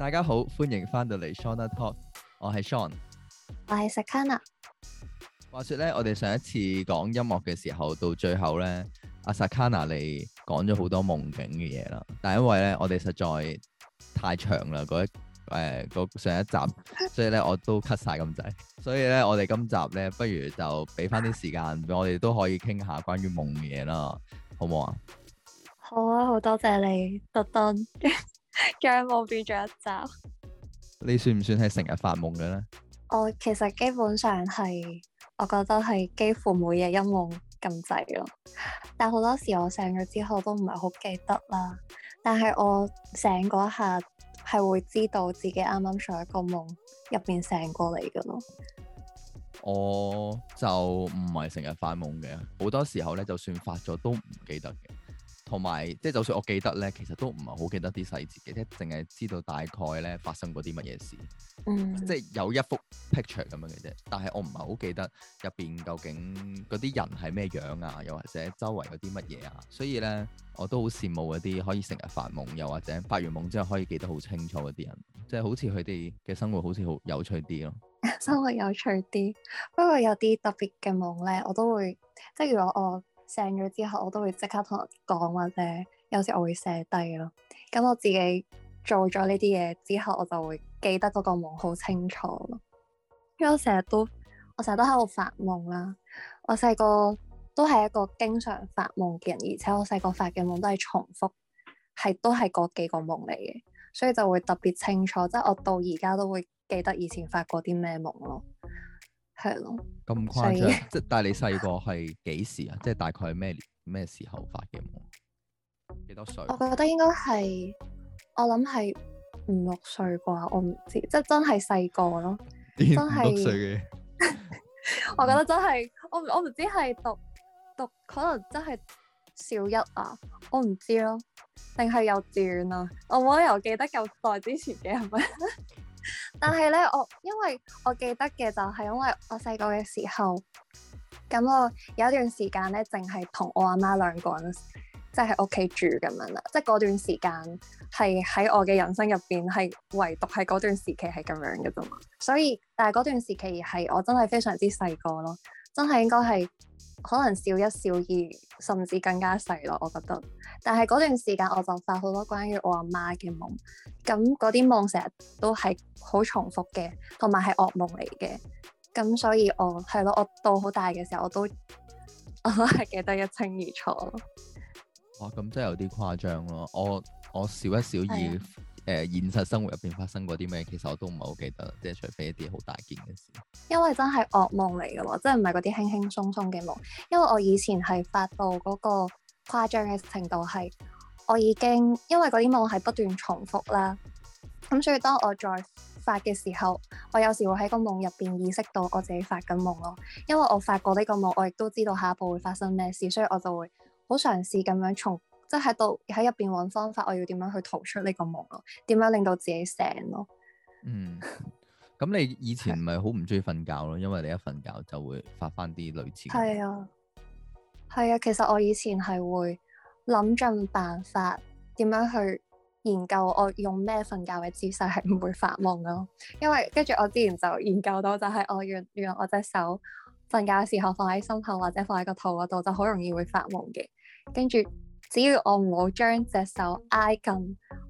大家好，歡迎翻到嚟 Shawn talk 我係 Shawn，我係 Sakana。話說咧，我哋上一次講音樂嘅時候，到最後咧，阿、啊、Sakana 你講咗好多夢境嘅嘢啦。但係因為咧，我哋實在太長啦，嗰一誒、呃、上一集，所以咧我都 cut 晒咁滯。 所以咧，我哋今集咧，不如就俾翻啲時間，俾我哋都可以傾下關於夢嘅嘢啦，好唔好啊？好啊，好多謝你，特登。將夢變咗一集，你算唔算係成日發夢嘅咧？我其實基本上係，我覺得係幾乎每日一夢咁滯咯。但好多時我醒咗之後都唔係好記得啦。但係我醒嗰下係會知道自己啱啱在一個夢入邊醒過嚟嘅咯。我就唔係成日發夢嘅，好多時候咧就算發咗都唔記得嘅。同埋即係就算我記得咧，其實都唔係好記得啲細節嘅，即係淨係知道大概咧發生過啲乜嘢事。嗯，即係有一幅 picture 咁樣嘅啫，但係我唔係好記得入邊究竟嗰啲人係咩樣啊，又或者周圍有啲乜嘢啊。所以咧，我都好羨慕嗰啲可以成日發夢，又或者發完夢之後可以記得好清楚嗰啲人，即係好似佢哋嘅生活好似好有趣啲咯。生活有趣啲，不過有啲特別嘅夢咧，我都會即係如果我，醒咗之後，我都會即刻同人講或者，有時我會寫低咯。咁我自己做咗呢啲嘢之後，我就會記得嗰個夢好清楚咯。因為我成日都，我成日都喺度發夢啦。我細個都係一個經常發夢嘅人，而且我細個發嘅夢都係重複，係都係嗰幾個夢嚟嘅，所以就會特別清楚。即係我到而家都會記得以前發過啲咩夢咯。係咯，咁誇張，即係的但係你細個係幾時啊？即係 大概係咩咩時候發嘅夢？幾多歲？我覺得應該係我諗係五六歲啩，我唔知，即係真係細個咯， 真係。五六歲嘅 我覺得真係我我唔知係讀讀，讀可能真係小一啊，我唔知咯，定係幼稚園啊？我我冇理由記得咁耐之前嘅係咪？ 但係咧，我因為我記得嘅就係因為我細個嘅時候，咁我有一段時間咧，淨係同我阿媽兩個人即係喺屋企住咁樣啦，即係嗰段時間係喺我嘅人生入邊係唯獨係嗰段時期係咁樣嘅啫嘛，所以但係嗰段時期係我真係非常之細個咯，真係應該係。可能小一、小二甚至更加細咯，我覺得。但係嗰段時間，我就發好多關於我阿媽嘅夢。咁嗰啲夢成日都係好重複嘅，同埋係噩夢嚟嘅。咁、嗯、所以我，我係咯，我到好大嘅時候，我都我都係記得一清二楚咯。哇！咁真係有啲誇張咯。我我小一、小二。 嗯誒、呃、現實生活入邊發生過啲咩？其實我都唔係好記得，即係除非一啲好大件嘅事。因為真係噩夢嚟嘅喎，即係唔係嗰啲輕輕鬆鬆嘅夢。因為我以前係發到嗰個誇張嘅程度係，我已經因為嗰啲夢係不斷重複啦。咁所以當我再發嘅時候，我有時會喺個夢入邊意識到我自己發緊夢咯。因為我發過呢個夢，我亦都知道下一步會發生咩事，所以我就會好嘗試咁樣重。即係喺度喺入邊揾方法，我要點樣去逃出呢個夢咯？點樣令到自己醒咯？嗯，咁你以前唔係好唔中意瞓覺咯，因為你一瞓覺就會發翻啲類似。係啊，係啊，其實我以前係會諗盡辦法點樣去研究我用咩瞓覺嘅姿勢係唔會發夢咯。因為跟住我之前就研究到就係我原原來我隻手瞓覺嘅時候放喺心口，或者放喺個肚嗰度就好容易會發夢嘅，跟住。只要我唔好將隻手挨近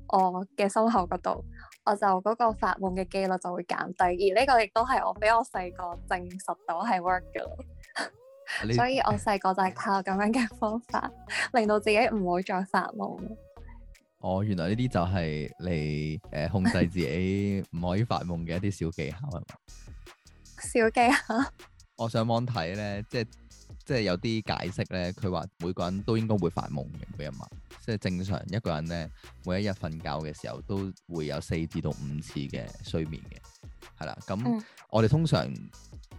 我嘅胸口嗰度，我就嗰個發夢嘅幾率就會減低，而呢個亦都係我比我細個證實到係 work 噶，啊、 所以我細個就係靠咁樣嘅方法，令到自己唔好再發夢。哦，原來呢啲就係嚟誒控制自己唔可以發夢嘅一啲小技巧係嘛？小技巧，我上網睇咧，即係。即係有啲解釋咧，佢話每個人都應該會發夢嘅，佢有冇？即係正常一個人咧，每一日瞓覺嘅時候都會有四至到五次嘅睡眠嘅，係啦。咁、嗯、我哋通常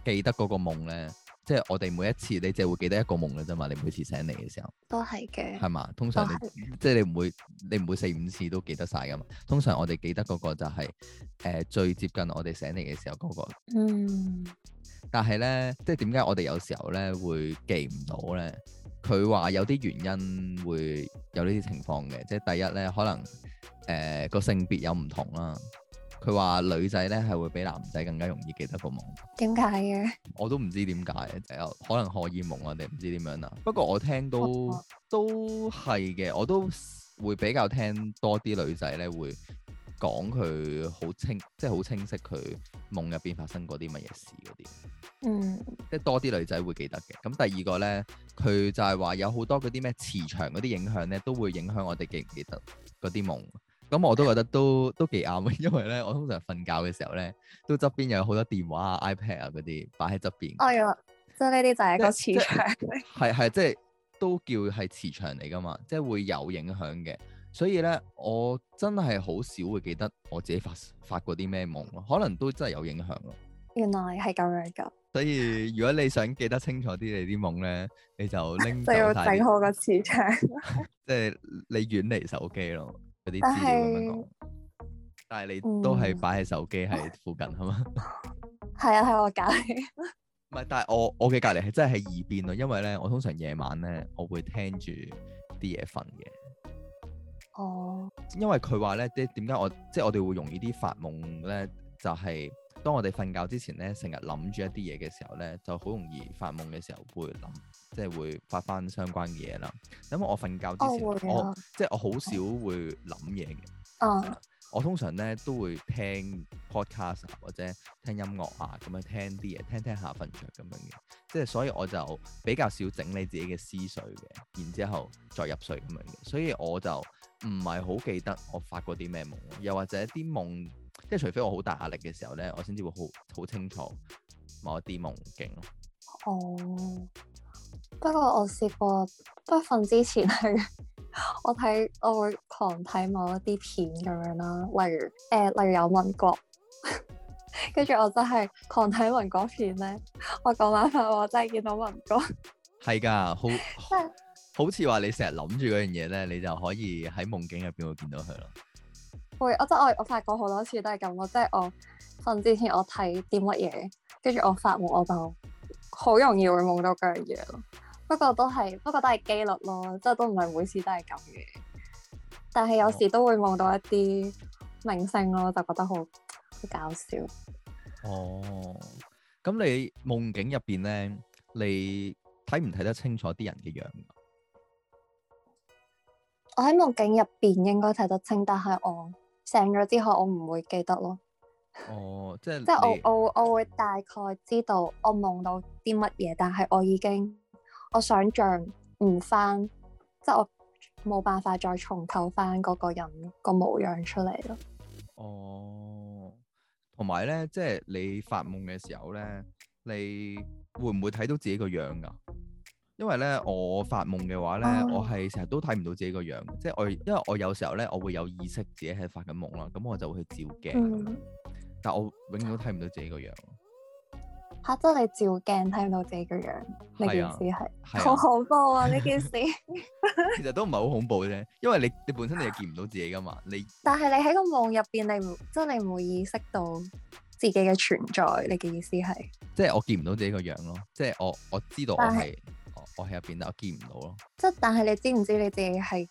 記得嗰個夢咧，即係我哋每一次你淨會記得一個夢嘅啫嘛。你每次醒嚟嘅時候，都係嘅，係嘛？通常你即係你唔會，你唔會四五次都記得晒㗎嘛。通常我哋記得嗰個就係、是、誒、呃、最接近我哋醒嚟嘅時候嗰、那個。嗯。但係咧，即係點解我哋有時候咧會記唔到咧？佢話有啲原因會有呢啲情況嘅，即係第一咧，可能誒個性別有唔同啦。佢話女仔咧係會比男仔更加容易記得個夢。點解嘅？我都唔知點解，有可能荷爾蒙我哋唔知點樣啦。不過我聽到都都係嘅，我都會比較聽多啲女仔咧會。講佢好清，即係好清晰佢夢入邊發生過啲乜嘢事嗰啲，嗯，即係多啲女仔會記得嘅。咁第二個咧，佢就係話有好多嗰啲咩磁場嗰啲影響咧，都會影響我哋記唔記得嗰啲夢。咁我都覺得都都幾啱嘅，因為咧我通常瞓覺嘅時候咧，都側邊有好多電話啊、iPad 啊嗰啲擺喺側邊，哦、哎，即係呢啲就係一個磁場，係係即係是 都叫係磁場嚟㗎嘛，即係會有影響嘅。所以咧，我真係好少會記得我自己發發過啲咩夢咯，可能都真係有影響咯。原來係咁樣㗎。所以如果你想記得清楚啲你啲夢咧，你就拎就洗好個磁場，即 係 你遠離手機咯，嗰啲資料咁樣講。但係你都係擺喺手機喺附近係嘛？係啊，喺我隔離。唔係，但係我我嘅隔離係真係喺耳邊咯，因為咧我通常夜晚咧，我會聽住啲嘢瞓嘅。哦，oh. 因為佢話咧，即點解我即係我哋會容易啲發夢咧？就係當我哋瞓覺之前咧，成日諗住一啲嘢嘅時候咧，就好容易發夢嘅時候會諗，即係會發翻相關嘅嘢啦。咁我瞓覺之前，oh, yeah. 我即係我好少會諗嘢嘅。我通常咧都會聽 podcast 或者聽音樂啊，咁樣聽啲嘢，聽聽下瞓着咁樣嘅。即係所以我就比較少整理自己嘅思緒嘅，然之後再入睡咁樣嘅。所以我就。唔係好記得我發過啲咩夢，又或者啲夢，即係除非我好大壓力嘅時候咧，我先至會好好清楚某一啲夢境哦，不過我試過，不過瞓之前係我睇我會狂睇某一啲片咁樣啦，例如誒、呃、例如有文國，跟 住我真、就、係、是、狂睇文國片咧，我嗰晚話我真係見到文國。係㗎，好。 好似話你成日諗住嗰樣嘢，咧，你就可以喺夢境入邊會見到佢咯。會，我即係我我發過好多次都係咁咯。即係我瞓之前我睇啲乜嘢，跟住我發夢，我就好容易會夢到嗰樣嘢咯。不過都係，不過都係機率咯，即係都唔係每次都係咁嘅。但係有時都會夢到一啲明星咯，就覺得好好搞笑。哦，咁你夢境入邊咧，你睇唔睇得清楚啲人嘅樣？我喺夢境入邊應該睇得清，但係我醒咗之後我唔會記得咯。哦，即係 即係我你我我會大概知道我夢到啲乜嘢，但係我已經我想象唔翻，即係我冇辦法再重構翻嗰個人個模樣出嚟咯。哦，同埋咧，即係你發夢嘅時候咧，你會唔會睇到自己個樣噶、啊？因為咧，oh. 我發夢嘅話咧，我係成日都睇唔到自己個樣，即係我，因為我有時候咧，我會有意識自己係發緊夢啦，咁我就會去照鏡，mm hmm. 但我永遠都睇唔到自己個樣。吓、啊，真係照鏡睇唔到自己個樣，呢件事係好恐怖啊！呢 件事 其實都唔係好恐怖啫，因為你你本身你又見唔到自己噶嘛，你但係你喺個夢入邊，你真係唔會意識到自己嘅存在，你嘅意思係？即係我見唔到自己個樣咯，即係我我知道我係。但是 喺入邊，但我，我見唔到咯。即但係你知唔知你自己係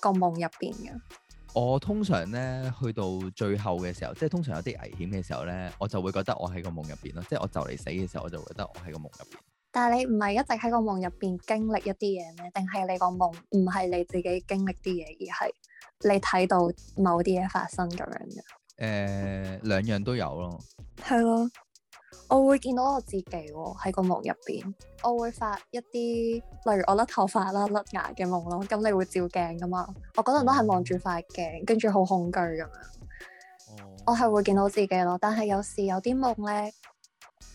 個夢入邊嘅？我通常咧，去到最後嘅時候，即係通常有啲危險嘅時候咧，我就會覺得我喺個夢入邊咯。即係我就嚟死嘅時候，我就會覺得我喺個夢入邊。但係你唔係一直喺個夢入邊經歷一啲嘢咩？定係你個夢唔係你自己經歷啲嘢，而係你睇到某啲嘢發生咁樣嘅？誒、呃，兩樣都有咯。係咯。我會見到我自己喎，喺個夢入邊，我會發一啲，例如我甩頭髮啦、啊、甩牙嘅夢咯，咁、嗯、你會照鏡噶嘛？我嗰陣都係望住塊鏡，跟住好恐懼咁樣。嗯、我係會見到自己咯，但係有時有啲夢咧，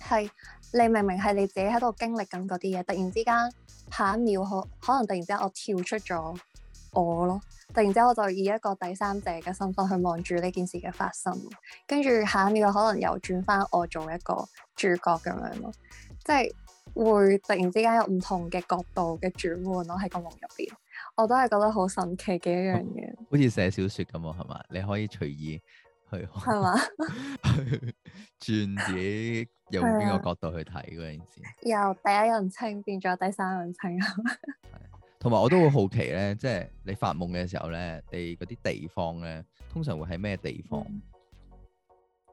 係你明明係你自己喺度經歷緊嗰啲嘢，突然之間下一秒可可能突然之間我跳出咗我咯。突然之後，我就以一個第三者嘅身份去望住呢件事嘅發生，跟住下一秒可能又轉翻我做一個主角咁樣咯，即係會突然之間有唔同嘅角度嘅轉換咯，喺個夢入邊，我都係覺得好神奇嘅一樣嘢。好似寫小説咁啊，係嘛？你可以隨意去係嘛嗎？轉 自己用邊 的個角度去睇嗰件事，由第一人稱變咗第三人稱咁。 同埋我都會好奇咧，即係你發夢嘅時候咧，你嗰啲地方咧，通常會喺咩地方？嗯、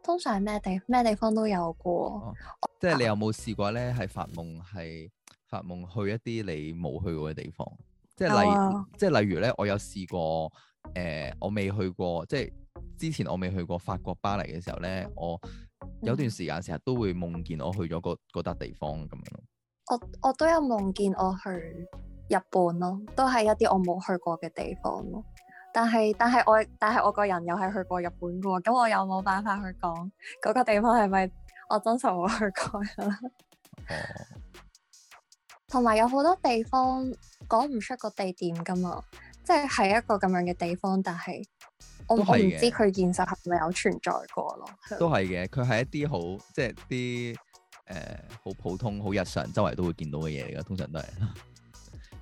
通常咩地咩地方都有過。哦哦、即係你有冇試過咧？係發夢係發夢去一啲你冇去過嘅地方？即係例、哦、例如，即係例如咧，我有試過誒、呃，我未去過，即係之前我未去過法國巴黎嘅時候咧，我有段時間成日都會夢見我去咗嗰嗰笪地方咁樣咯。我我都有夢見我去。日本咯，都係一啲我冇去過嘅地方咯。但係但係我但係我個人又係去過日本噶，咁我又冇辦法去講嗰個地方係咪我真實我去過啦。哦。同埋有好多地方講唔出個地點噶嘛，即係係一個咁樣嘅地方，但係我唔知佢現實係咪有存在過咯。都係嘅，佢係一啲好即係啲誒好普通好日常周圍都會見到嘅嘢嚟，通常都係。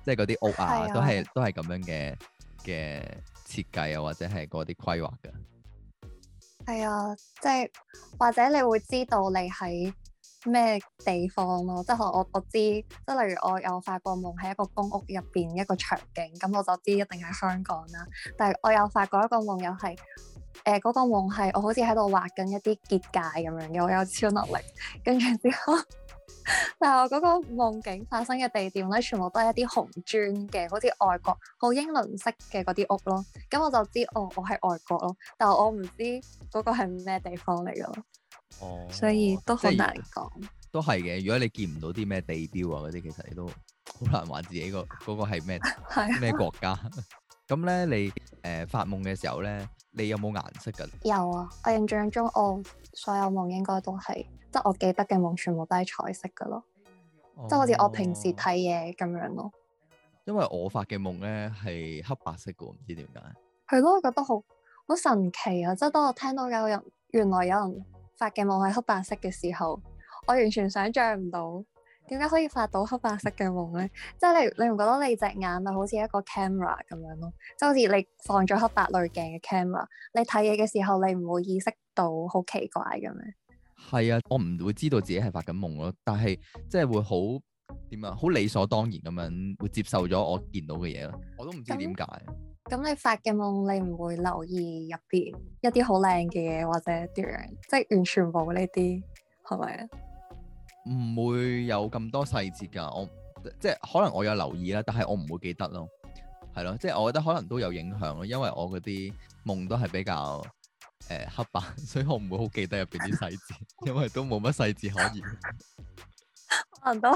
即係嗰啲屋啊，啊都係都係咁樣嘅嘅設計啊，或者係嗰啲規劃㗎。係啊，即係或者你會知道你喺咩地方咯，啊？即係我我知，即係例如我有發過夢喺一個公屋入邊一個場景，咁我就知一定係香港啦，啊。但係我有發過一個夢，又係誒嗰個夢係我好似喺度畫緊一啲結界咁樣嘅，我有超能力，跟住之後。 但係我嗰個夢境發生嘅地點咧，全部都係一啲紅磚嘅，好似外國好英倫式嘅嗰啲屋咯。咁、嗯、我就知我我喺外國咯，但係我唔知嗰個係咩地方嚟咯。哦，哦所以都好難講。都係嘅，如果你見唔到啲咩地標啊嗰啲，其實你都好難話自己、嗰個嗰個係咩咩國家。咁 咧，你誒、呃、發夢嘅時候咧，你有冇顏色噶？有啊，我印象中我、哦、所有夢應該都係。即係我記得嘅夢全部都係彩色噶咯，即係好似我平時睇嘢咁樣咯。因為我發嘅夢咧係黑白色嘅，唔知點解。係咯，我覺得好好神奇啊！即係當我聽到有人原來有人發嘅夢係黑白色嘅時候，我完全想象唔到點解可以發到黑白色嘅夢咧。 即係你你唔覺得你隻眼啊好似一個 camera 咁樣咯，即係好似你放咗黑白濾鏡嘅 camera，你睇嘢嘅時候你唔會意識到好奇怪嘅咩？係啊，我唔會知道自己係發緊夢咯，但係即係會好點樣，好理所當然咁樣會接受咗我見到嘅嘢咯。我都唔知點解。咁你發嘅夢，你唔會留意入邊一啲好靚嘅嘢或者點樣，即係完全冇呢啲，係咪？唔會有咁多細節噶，我即係可能我有留意啦，但係我唔會記得咯。係咯，即係我覺得可能都有影響咯，因為我嗰啲夢都係比較。誒、呃，黑白，所以我唔會好記得入邊啲細節， 因為都冇乜細節可以。可能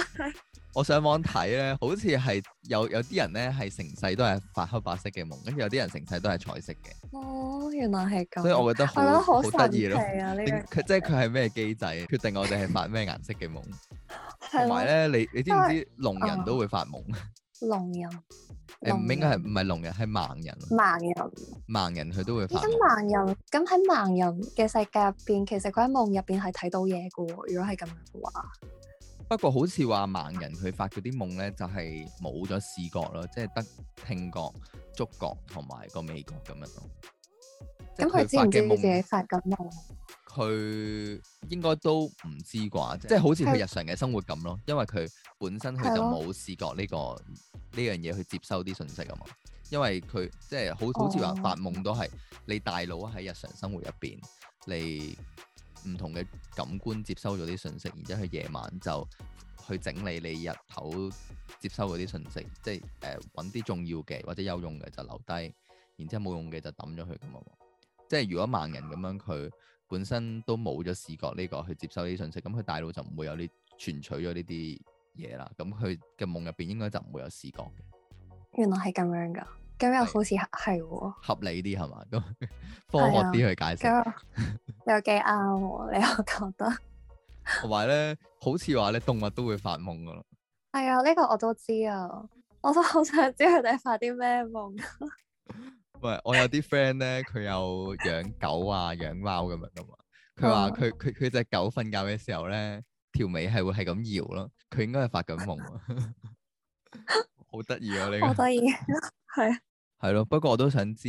我上網睇咧，好似係有有啲人咧係成世都係發黑白色嘅夢，跟住有啲人成世都係彩色嘅。哦，原來係咁。所以我覺得好好得意咯。係、嗯、啊，呢佢即係佢係咩機制決定我哋係發咩顏色嘅夢？同埋咧，你你，你知唔知龍人都會發夢？ 聾人誒，唔、欸，應該係唔係聾人，係盲人，盲人，盲人佢都會發夢。咁盲人，咁喺盲人嘅世界入邊，其實佢喺夢入邊係睇到嘢噶。如果係咁嘅話，不過好似話盲人佢發嗰啲夢咧，就係冇咗視覺咯，即係得聽覺、觸覺同埋個味覺咁樣咯。咁佢知唔知自己發緊夢？佢應該都唔知啩，即係好似佢日常嘅生活咁咯是。因為佢本身佢就冇視覺呢個呢樣嘢去接收啲信息啊嘛。因為佢即係好好似話發夢都係你大腦喺日常生活入邊，你唔同嘅感官接收咗啲信息，然之後佢夜晚就去整理你日頭接收嗰啲信息，即係誒揾啲重要嘅或者有用嘅就留低，然之後冇用嘅就抌咗佢咁啊。即係如果盲人咁樣佢。本身都冇咗視覺呢、呢個去接收呢啲信息，咁佢大腦就唔會有呢存取咗呢啲嘢啦。咁佢嘅夢入邊應該就唔會有視覺嘅。原來係咁樣噶，咁又好似係是、哦、合理啲係嘛？咁 科學啲去解釋，又幾啱喎？你又、啊、覺得？同埋咧，好似話咧，動物都會發夢噶咯。係啊，呢、這個我都知啊，我都好想知佢哋發啲咩夢。 喂，我有啲 friend 咧，佢有養狗啊、養貓咁樣噶嘛。佢話佢佢佢隻狗瞓覺嘅時候咧，條尾係會係咁搖咯。佢應該係發緊夢啊，好得意啊！呢 個好得意，係啊，係咯。 不過我都想知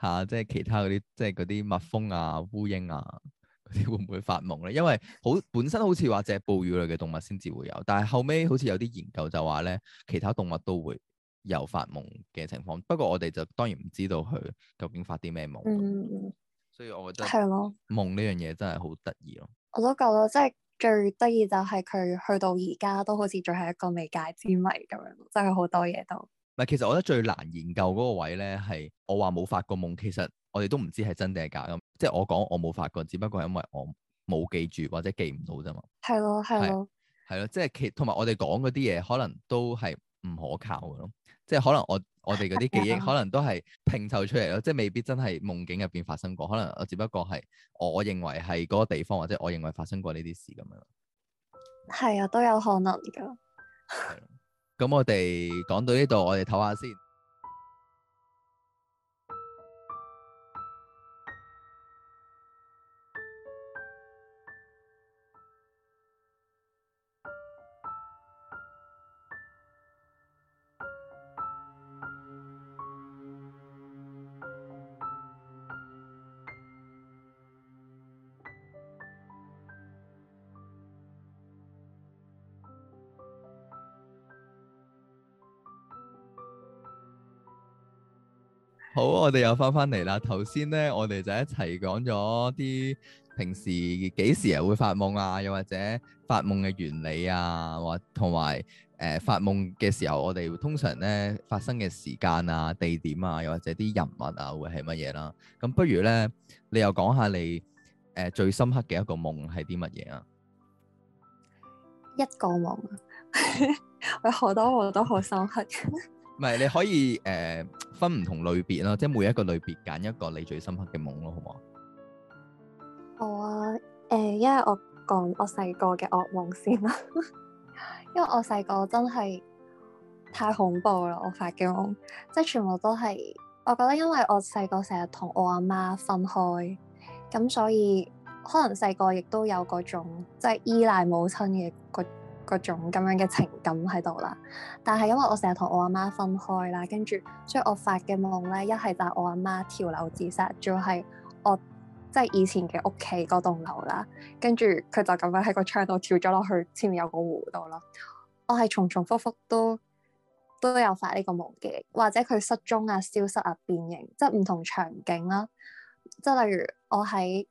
下、啊，即係其他嗰啲，即係嗰啲蜜蜂啊、烏蠅啊，嗰啲會唔會發夢咧？因為好本身好似話只哺乳類嘅動物先至會有，但係後尾好似有啲研究就話咧，其他動物都會。有發夢嘅情況，不過我哋就當然唔知道佢究竟發啲咩夢。嗯。所以我覺得係咯。夢呢樣嘢真係好得意咯。我都覺咯，即係最得意就係佢去到而家都好似仲係一個未解之謎咁樣，真係好多嘢都。唔係，其實我覺得最難研究嗰個位咧，係我話冇發過夢，其實我哋都唔知係真定係假咁。即係我講我冇發過，只不過係因為我冇記住或者記唔到啫嘛。係咯，係咯。係咯，即係其同埋我哋講嗰啲嘢，可能都係唔可靠嘅咯。即係可能我我哋嗰啲記憶可能都係拼湊出嚟咯， 即係未必真係夢境入邊發生過，可能我只不過係我認為係嗰個地方或者我認為發生過呢啲事咁樣。係啊，都有可能㗎。咁 啊，我哋講到呢度，我哋唞下先。好，我哋又返返嚟啦。頭先咧，我哋就一齊講咗啲平時幾時又會發夢啊，又或者發夢嘅原理啊，或同埋誒發夢嘅時候，我哋通常咧發生嘅時間啊、地點啊，又或者啲人物啊，會係乜嘢啦？咁不如咧，你又講下你誒、呃、最深刻嘅一個夢係啲乜嘢啊？一個夢， 我好多夢都好深刻。 唔係你可以誒、呃、分唔同類別咯，即係每一個類別揀一個你最深刻嘅夢咯，好冇？好啊？我、呃、因為我講我細個嘅噩夢先啦， 因為我細個真係太恐怖啦，我發嘅夢即係、就是、全部都係我覺得，因為我細個成日同我阿媽分開，咁所以可能細個亦都有嗰種即係依賴母親嘅個種咁樣嘅情感喺度啦，但係因為我成日同我阿媽分開啦，跟住所以我發嘅夢咧，一係就係我阿媽跳樓自殺，仲係我即係以前嘅屋企嗰棟樓啦，跟住佢就咁樣喺個窗度跳咗落去，前面有個湖度咯。我係重重複複都都有發呢個夢嘅，或者佢失蹤啊、消失啊、變形，即係唔同場景啦。即係例如我喺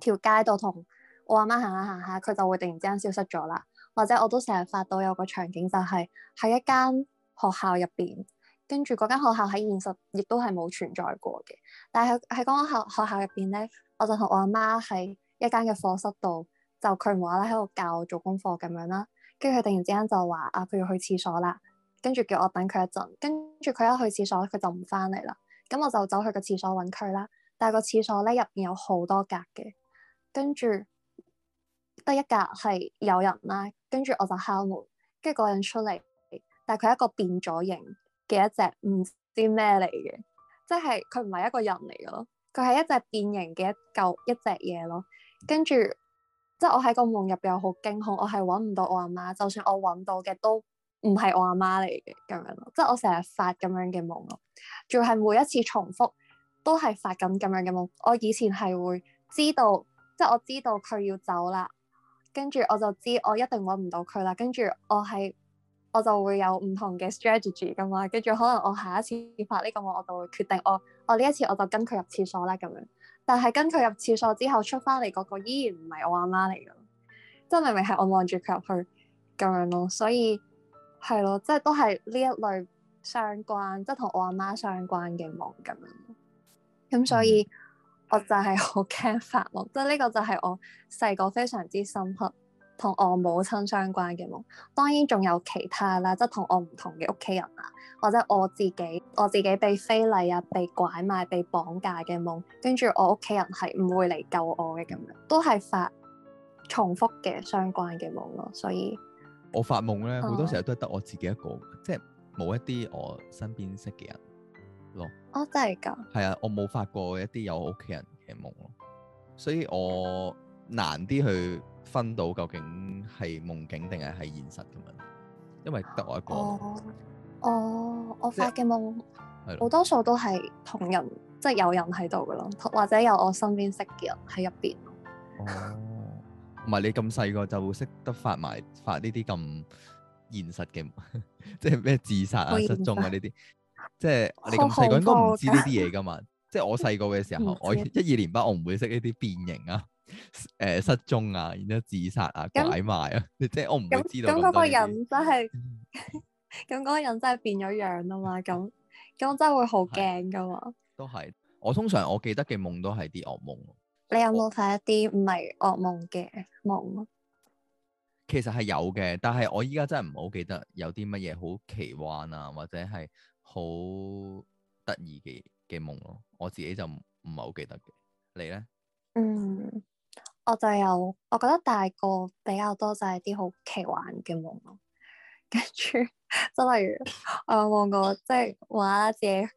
條街度同我阿媽行下行下，佢就會突然之間消失咗啦。或者我都成日發到有個場景就係喺一間學校入邊，跟住嗰間學校喺現實亦都係冇存在過嘅。但係喺嗰間學學校入邊咧，我就同我阿媽喺一間嘅課室度，就佢唔話啦，喺度教做功課咁樣啦。跟住佢突然之間就話啊，佢要去廁所啦，跟住叫我等佢一陣。跟住佢一去廁所，佢就唔翻嚟啦。咁我就走去個廁所搵佢啦。但係個廁所咧，入邊有好多格嘅，跟住。得一格係有人啦，跟住我就敲門，跟住嗰人出嚟，但係佢一個變咗形嘅一隻唔知咩嚟嘅，即係佢唔係一個人嚟嘅咯，佢係一隻變形嘅一嚿一隻嘢咯。跟住即係我喺個夢入邊，我好驚恐，我係揾唔到我阿媽，就算我揾到嘅都唔係我阿媽嚟嘅咁樣咯。即係我成日發咁樣嘅夢咯，仲係每一次重複都係發緊咁樣嘅夢。我以前係會知道，即係我知道佢要走啦。跟住我就知我一定搵唔到佢啦。跟住我係我就會有唔同嘅 strategy 噶嘛。跟住可能我下一次發呢個夢，我就會決定我我呢一次我就跟佢入廁所啦，咁樣。但係跟佢入廁所之後出翻嚟，個個依然唔係我阿媽嚟噶，即係明明係我望住佢入去咁樣咯。所以係咯，即係、就是、都係呢一類相關，即係同我阿媽、媽相關嘅夢咁樣。咁所以。嗯我就係好驚發夢，即係呢個就係我細個非常之深刻同我母親相關嘅夢。當然仲有其他啦，即係同我唔同嘅屋企人啊，或者我自己我自己被非禮啊、被拐賣、被綁架嘅夢，跟住我屋企人係唔會嚟救我嘅咁樣，都係發重複嘅相關嘅夢咯。所以我發夢咧，嗯，好多時候都係得我自己一個，即係冇一啲我身邊識嘅人。咯，哦真係噶，係啊，我冇發過一啲有屋企人嘅夢咯，所以我難啲去分到究竟係夢境定係係現實咁樣，因為得我一個。哦，我我發嘅夢，係咯，我多數都係同人，即係有人喺度噶咯，或者有我身邊識嘅人喺入邊。哦，唔係 你咁細個就會識得發埋發呢啲咁現實嘅，即係咩自殺啊、失蹤啊呢啲。即係你咁細個應該唔知呢啲嘢噶嘛？ 即係我細個嘅時候，我一二年班，我唔會識呢啲變形啊、誒、呃、失蹤啊、然之後自殺啊、嗯、拐賣啊，即係我唔會知道、嗯。咁、嗯、嗰、嗯、個人真係，咁 嗰個人真係變咗樣啊嘛？咁咁真係會好驚噶嘛？都係，我通常我記得嘅夢都係啲噩夢。你有冇睇一啲唔係噩夢嘅夢啊？其實係有嘅，但係我依家真係唔好記得有啲乜嘢好奇幻啊，或者係。好得意嘅嘅夢咯，我自己就唔唔係好記得嘅，你呢？嗯，我就有，我覺得大個比較多就係啲好奇幻嘅夢咯，跟住真係例如我有望過即係話自己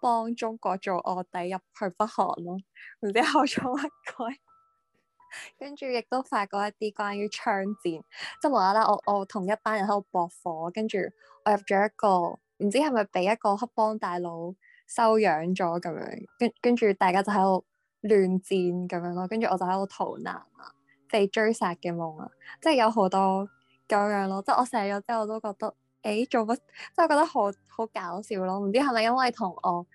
幫中國做臥底入去北韓咯，唔知後咗乜鬼， 跟住亦都發過一啲關於槍戰，即係無啦啦我我同一班人喺度搏火，跟住我入咗一個。唔知係咪俾一個黑幫大佬收養咗咁樣，跟跟住大家就喺度亂戰咁樣咯，跟住我就喺度逃難啊，被追殺嘅夢啊，即係有好多咁樣咯。即係我醒咗之後，我都覺得誒、欸、做乜，即係覺得好好搞笑咯。唔知係咪因為同我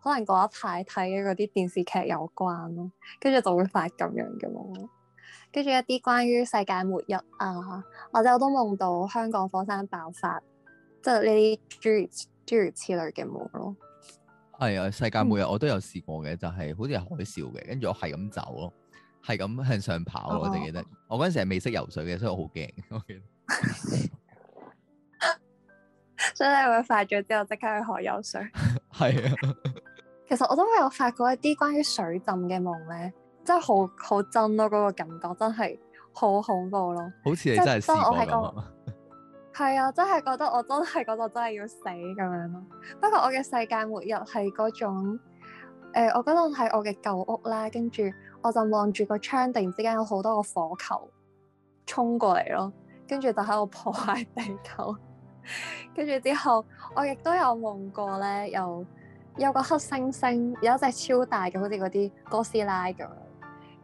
可能嗰一排睇嘅嗰啲電視劇有關咯，跟住就會發咁樣嘅夢。跟住一啲關於世界末日啊，或者我都夢到香港火山爆發。即係呢啲諸如、諸如此類嘅夢咯。係啊，世界末日我都有試過嘅，就係、是、好似海嘯嘅，跟住我係咁走咯，係咁向上跑咯、哦哦。我記得我嗰陣時係未識游水嘅， 所以我好驚。所以你發咗之後，即刻去學游水？係是啊。 其實我都未有發過一啲關於水浸嘅夢咧，真係好好真咯，嗰、那個感覺真係好恐怖咯。好似你真係試過咁。 係啊，真係覺得我真係嗰度真係要死咁樣咯。不過我嘅世界末日係嗰種，誒、呃,我嗰度係我嘅舊屋啦，跟住我就望住個窗，突然之間有好多個火球衝過嚟咯，跟住就喺度破壞地球。跟 住之後，我亦都有夢過咧，有有個黑猩猩，有一隻超大嘅，好似嗰啲哥斯拉咁樣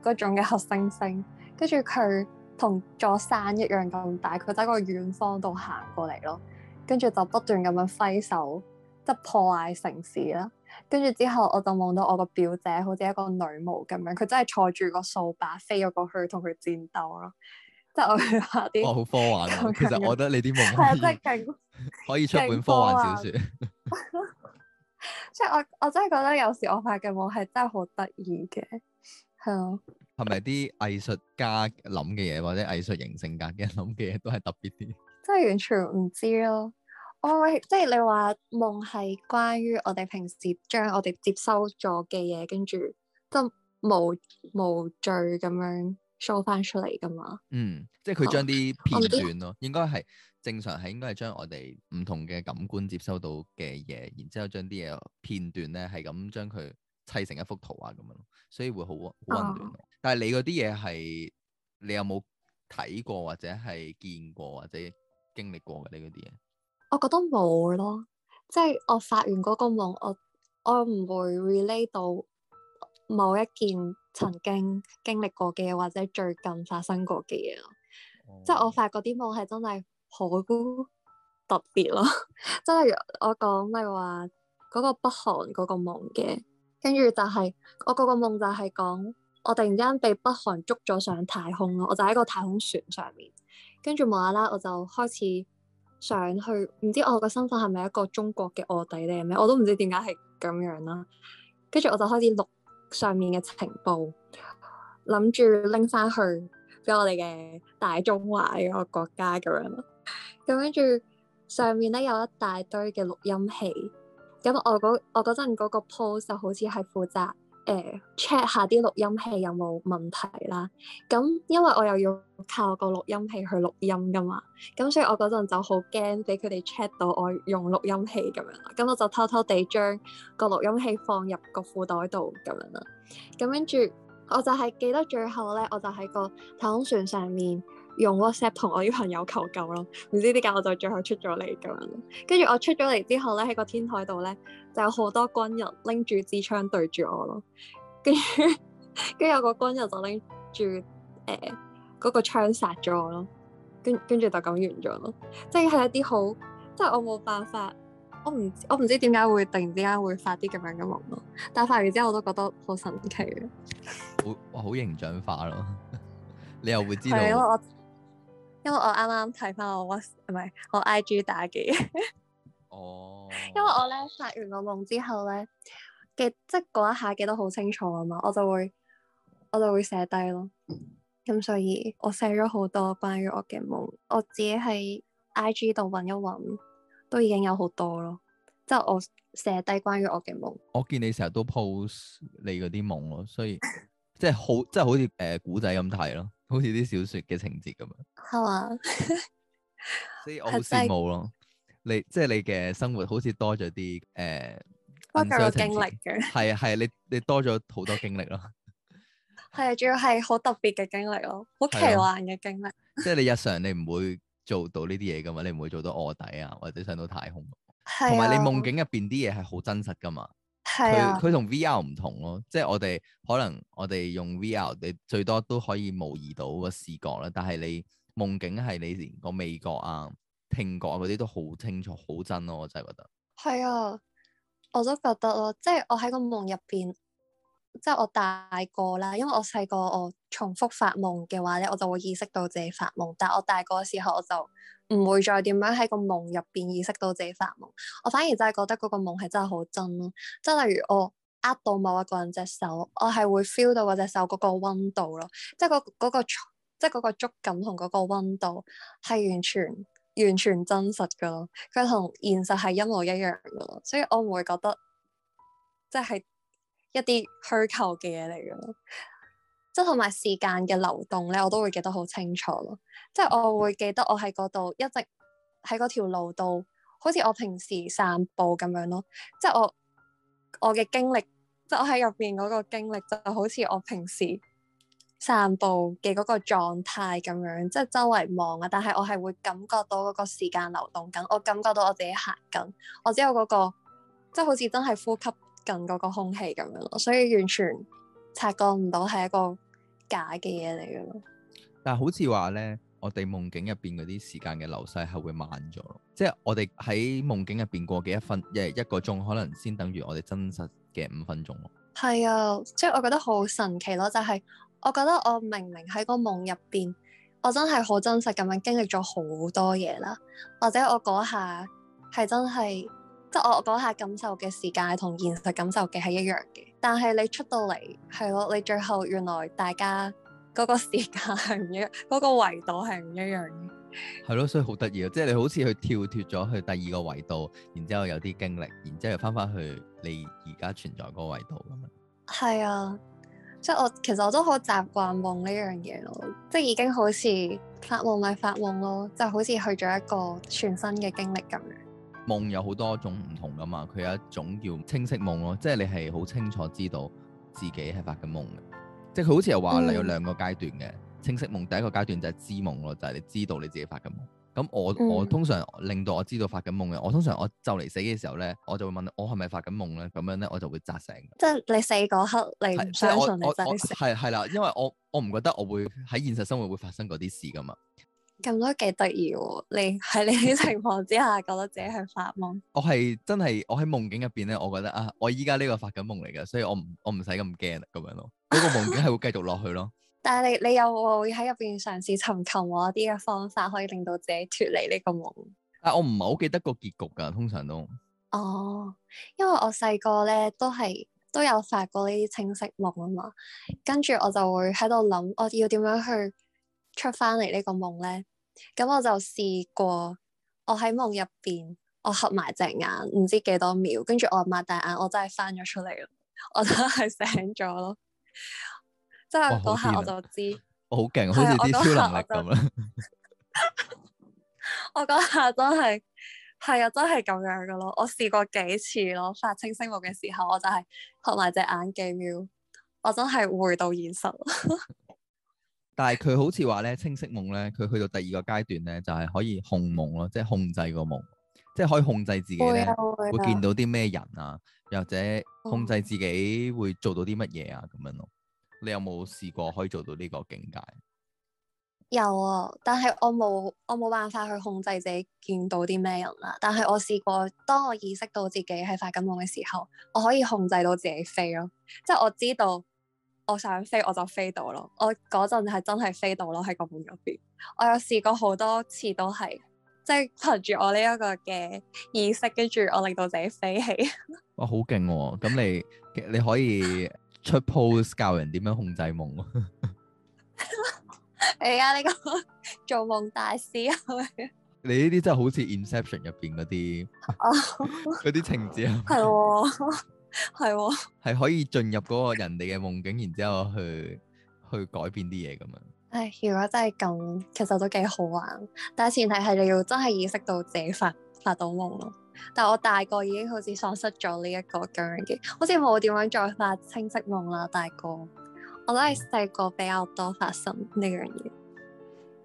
嗰種嘅黑猩猩，跟住佢。同座山一樣咁大，佢喺個遠方度行過嚟咯，跟住就不斷咁樣揮手，即係破壞城市啦。跟住之後，我就望到我個表姐好似一個女巫咁樣，佢真係坐住個掃把飛咗過去同佢戰鬥咯。即係我發啲，哇！好科幻啊！其實我覺得你啲夢，係啊，真係可以出本科幻小説。 即係我，我真係覺得有時我發嘅夢係真係好得意嘅，係咯。係咪啲藝術家諗嘅嘢，或者藝術型性格嘅諗嘅嘢都係特別啲？即係完全唔知咯。我即係你話夢係關於我哋平時將我哋接收咗嘅嘢，跟住都無無序咁樣 show 翻出嚟噶嘛？嗯，即係佢將啲片段咯，oh. Oh, 應該係、嗯、正常係應該係將我哋唔同嘅感官接收到嘅嘢，然之後將啲嘢片段咧係咁將佢砌成一幅圖啊，咁樣，所以會好好溫暖、oh. 但係你嗰啲嘢係你有冇睇過或者係見過或者經歷過嘅咧？嗰啲嘢我覺得冇咯，即係我發完嗰個夢，我我唔會 relate 到某一件曾經經歷過嘅或者最近發生過嘅嘢咯。即係、oh. 我發嗰啲夢係真係好特別咯。即 係我講你話嗰個北韓嗰個夢嘅。跟住就係、是、我嗰個夢就係講我突然之間被北韓捉咗上太空咯，我就喺個太空船上面，跟住無啦啦我就開始上去，唔知我個身份係咪一個中國嘅臥底定係咩我都唔知點解係咁樣啦。跟住我就開始錄上面嘅情報，諗住拎翻去俾我哋嘅大中華嗰個國家咁樣咯。咁跟住上面咧有一大堆嘅錄音器。咁我嗰我嗰陣嗰個 pose 就好似係負責誒 check 呃下啲錄音器有冇問題啦。咁因為我又要靠個錄音器去錄音噶嘛，咁所以我嗰陣就好驚俾佢哋 check 到我用錄音器咁樣啦。咁我就偷偷地將個錄音器放入個褲袋度咁樣啦。咁跟住我就係、係、記得最後咧，我就喺個太空船上面。用 WhatsApp 同我啲朋友求救咯，唔知點解我就最後出咗嚟咁樣，跟住我出咗嚟之後咧，喺個天台度咧就有好多軍人拎住支槍對住我咯，跟住跟住有個軍人就拎住誒嗰個槍殺咗我咯，跟跟住就咁完咗咯，即係係一啲好即係我冇辦法，我唔我唔知點解會突然之間會發啲咁樣嘅夢咯，但係發完之後我都覺得好神奇嘅，好好形象化咯，你又會知道、 啊。我因為我啱啱睇翻我 Whats，唔係我 IG 打嘅，哦、 oh，因為我咧發完個夢之後咧，記即係嗰一下記得好清楚啊嘛，我就會我就會寫低咯。咁所以我寫咗好多關於我嘅夢，我自己喺 IG 度揾一揾都已經有好多咯。即係我寫低關於我嘅夢。我見你成日都 post 你嗰啲夢咯，所以 即係好即係好似誒古仔咁睇咯。呃好似啲小說嘅情節咁樣，係嘛是嗎？ 所以我好羨慕咯，的你即係、就是、你嘅生活好似多咗啲誒，多經歷嘅。係啊係啊，你你多咗好多經歷咯，係啊，仲要係好特別嘅經歷咯，好奇幻嘅經歷。即 係、就是、你日常你唔會做到呢啲嘢噶嘛，你唔會做到卧底啊，或者上到太空，同埋的你夢境入邊啲嘢係好真實噶嘛。佢佢同 VR 唔同咯，即係我哋可能我哋用 VR，你最多都可以模擬到個視覺啦，但係你夢境係你連個味覺啊、聽覺啊嗰啲都好清楚、好真咯，我真係覺得。係啊，我都覺得咯，即係我喺個夢入邊。即係我大個啦，因為我細個我重複發夢嘅話咧，我就會意識到自己發夢。但我大個嘅時候我就唔會再點樣喺個夢入邊意識到自己發夢。我反而真係覺得嗰個夢係真係好真咯。即係例如我握到某一個人隻手，我係會 feel 到嗰隻手嗰個溫度咯。即係嗰嗰個、嗰個嗰個、嗰個觸即係個觸感同嗰個溫度係完全完全真實噶咯。佢同現實係一模一樣噶咯，所以我唔會覺得即係一啲虛構嘅嘢嚟嘅咯，即係同埋時間嘅流動咧，我都會記得好清楚咯。即係我會記得我喺嗰度一直喺嗰條路度，好似我平時散步咁樣咯。即係我我嘅經歷，即係我喺入邊嗰個經歷就好似我平時散步嘅嗰個狀態咁樣，即係周圍望啊。但係我係會感覺到嗰個時間流動緊，我感覺到我自己行緊，我只有嗰個即係好似真係呼吸。近嗰個空氣咁樣咯，所以完全察覺唔到係一個假嘅嘢嚟嘅咯。但係好似話咧，我哋夢境入邊嗰啲時間嘅流逝係會慢咗咯，即係我哋喺夢境入邊過嘅一分亦一個鐘，可能先等於我哋真實嘅五分鐘咯。係啊，即係我覺得好神奇咯，就係我覺得我明明喺個夢入邊，我真係好真實咁樣經歷咗好多嘢啦，或者我嗰下係真係。即我講下感受嘅時間同現實感受嘅係一樣嘅，但係你出到嚟係咯，你最後原來大家嗰個時間係唔一樣，嗰個維度係唔一樣嘅。係咯，所以好得意咯，即係你好似去跳脱咗去第二個維度，然之後有啲經歷，然之後又翻返去你而家存在嗰個維度咁啊。係啊，即係我其實我都好習慣夢呢樣嘢咯，即係已經好似發夢咪發夢咯，就好似去咗一個全新嘅經歷咁樣。夢有好多種唔同噶嘛，佢有一種叫清晰夢咯，即係你係好清楚知道自己係發緊夢嘅，即係佢好似又話你有兩個階段嘅、嗯、清晰夢，第一個階段就係知夢咯，就係、是、你知道你自己發緊夢。咁我、嗯、我通常令到我知道發緊夢嘅，我通常我就嚟死嘅時候咧，我就會問我係咪發緊夢咧，咁樣咧我就會扎醒。即係你死嗰刻，你唔相信你真係醒。係係啦， 因為我我唔覺得我會喺現實生活會,會發生嗰啲事噶嘛。咁都幾得意喎！你喺你啲情況之下，覺得自己係發夢？我係真係，我喺夢境入邊咧，我覺得啊，我依家，呢個發緊夢嚟噶，所以我唔我唔使咁驚啦，咁樣咯。嗰個夢境係會繼續落去咯。 但係你你有冇會喺入邊嘗試尋求某一啲嘅方法，可以令到自己脫離呢個夢？但係我唔係好記得個結局噶，通常都。哦，因為我細個咧都係都有發過呢啲清晰夢啊嘛，跟住我就會喺度諗，我要點樣去。出翻嚟，呢個夢咧，咁我就試過，我喺夢入邊，我合埋隻眼，唔知幾多秒，跟住我擘大眼，我真係翻咗出嚟咯，我真係醒咗咯，即係嗰下我就知，我好勁，好似啲超能力咁樣。我嗰下，下真係，係啊， 真係咁樣噶咯。我試過幾次咯，發清醒夢嘅時候，我就係合埋隻眼幾秒，我真係回到現實。 但係佢好似話咧，清晰夢咧，佢去到第二個階段咧，就係、是、可以控夢咯，即、就、係、是、控制個夢，即、就、係、是、可以控制自己咧，會見到啲咩人啊，又或者控制自己會做到啲乜嘢啊咁樣咯。你有冇試過可以做到呢個境界？有啊、哦，但係我冇，我冇辦法去控制自己見到啲咩人啦。但係我試過，當我意識到自己喺發緊夢嘅時候，我可以控制到自己飛咯，即、就、係、是、我知道。我想飛，我就飛到咯。我嗰陣係真係飛到咯，喺個門入邊。我有試過好多次都，都係即係憑住我呢一個嘅意識，跟住我令到自己飛起。哇，好勁喎！咁你你可以出 post 教人點樣控制夢啊？而家呢個做夢大師， 你呢啲真係好似 In《Inception》入邊嗰啲嗰啲情節啊，係喎、 哦。係，係 可以進入嗰個人哋嘅夢境，然之後去去改變啲嘢咁樣！唉、哎，如果真係咁，其實都幾好玩，但係前提係你要真係意識到自己發發到夢咯。但我大個已經好似喪失咗呢一個咁樣嘅，好似冇點樣再發清晰夢啦。大個我都係細個比較多發生呢樣嘢。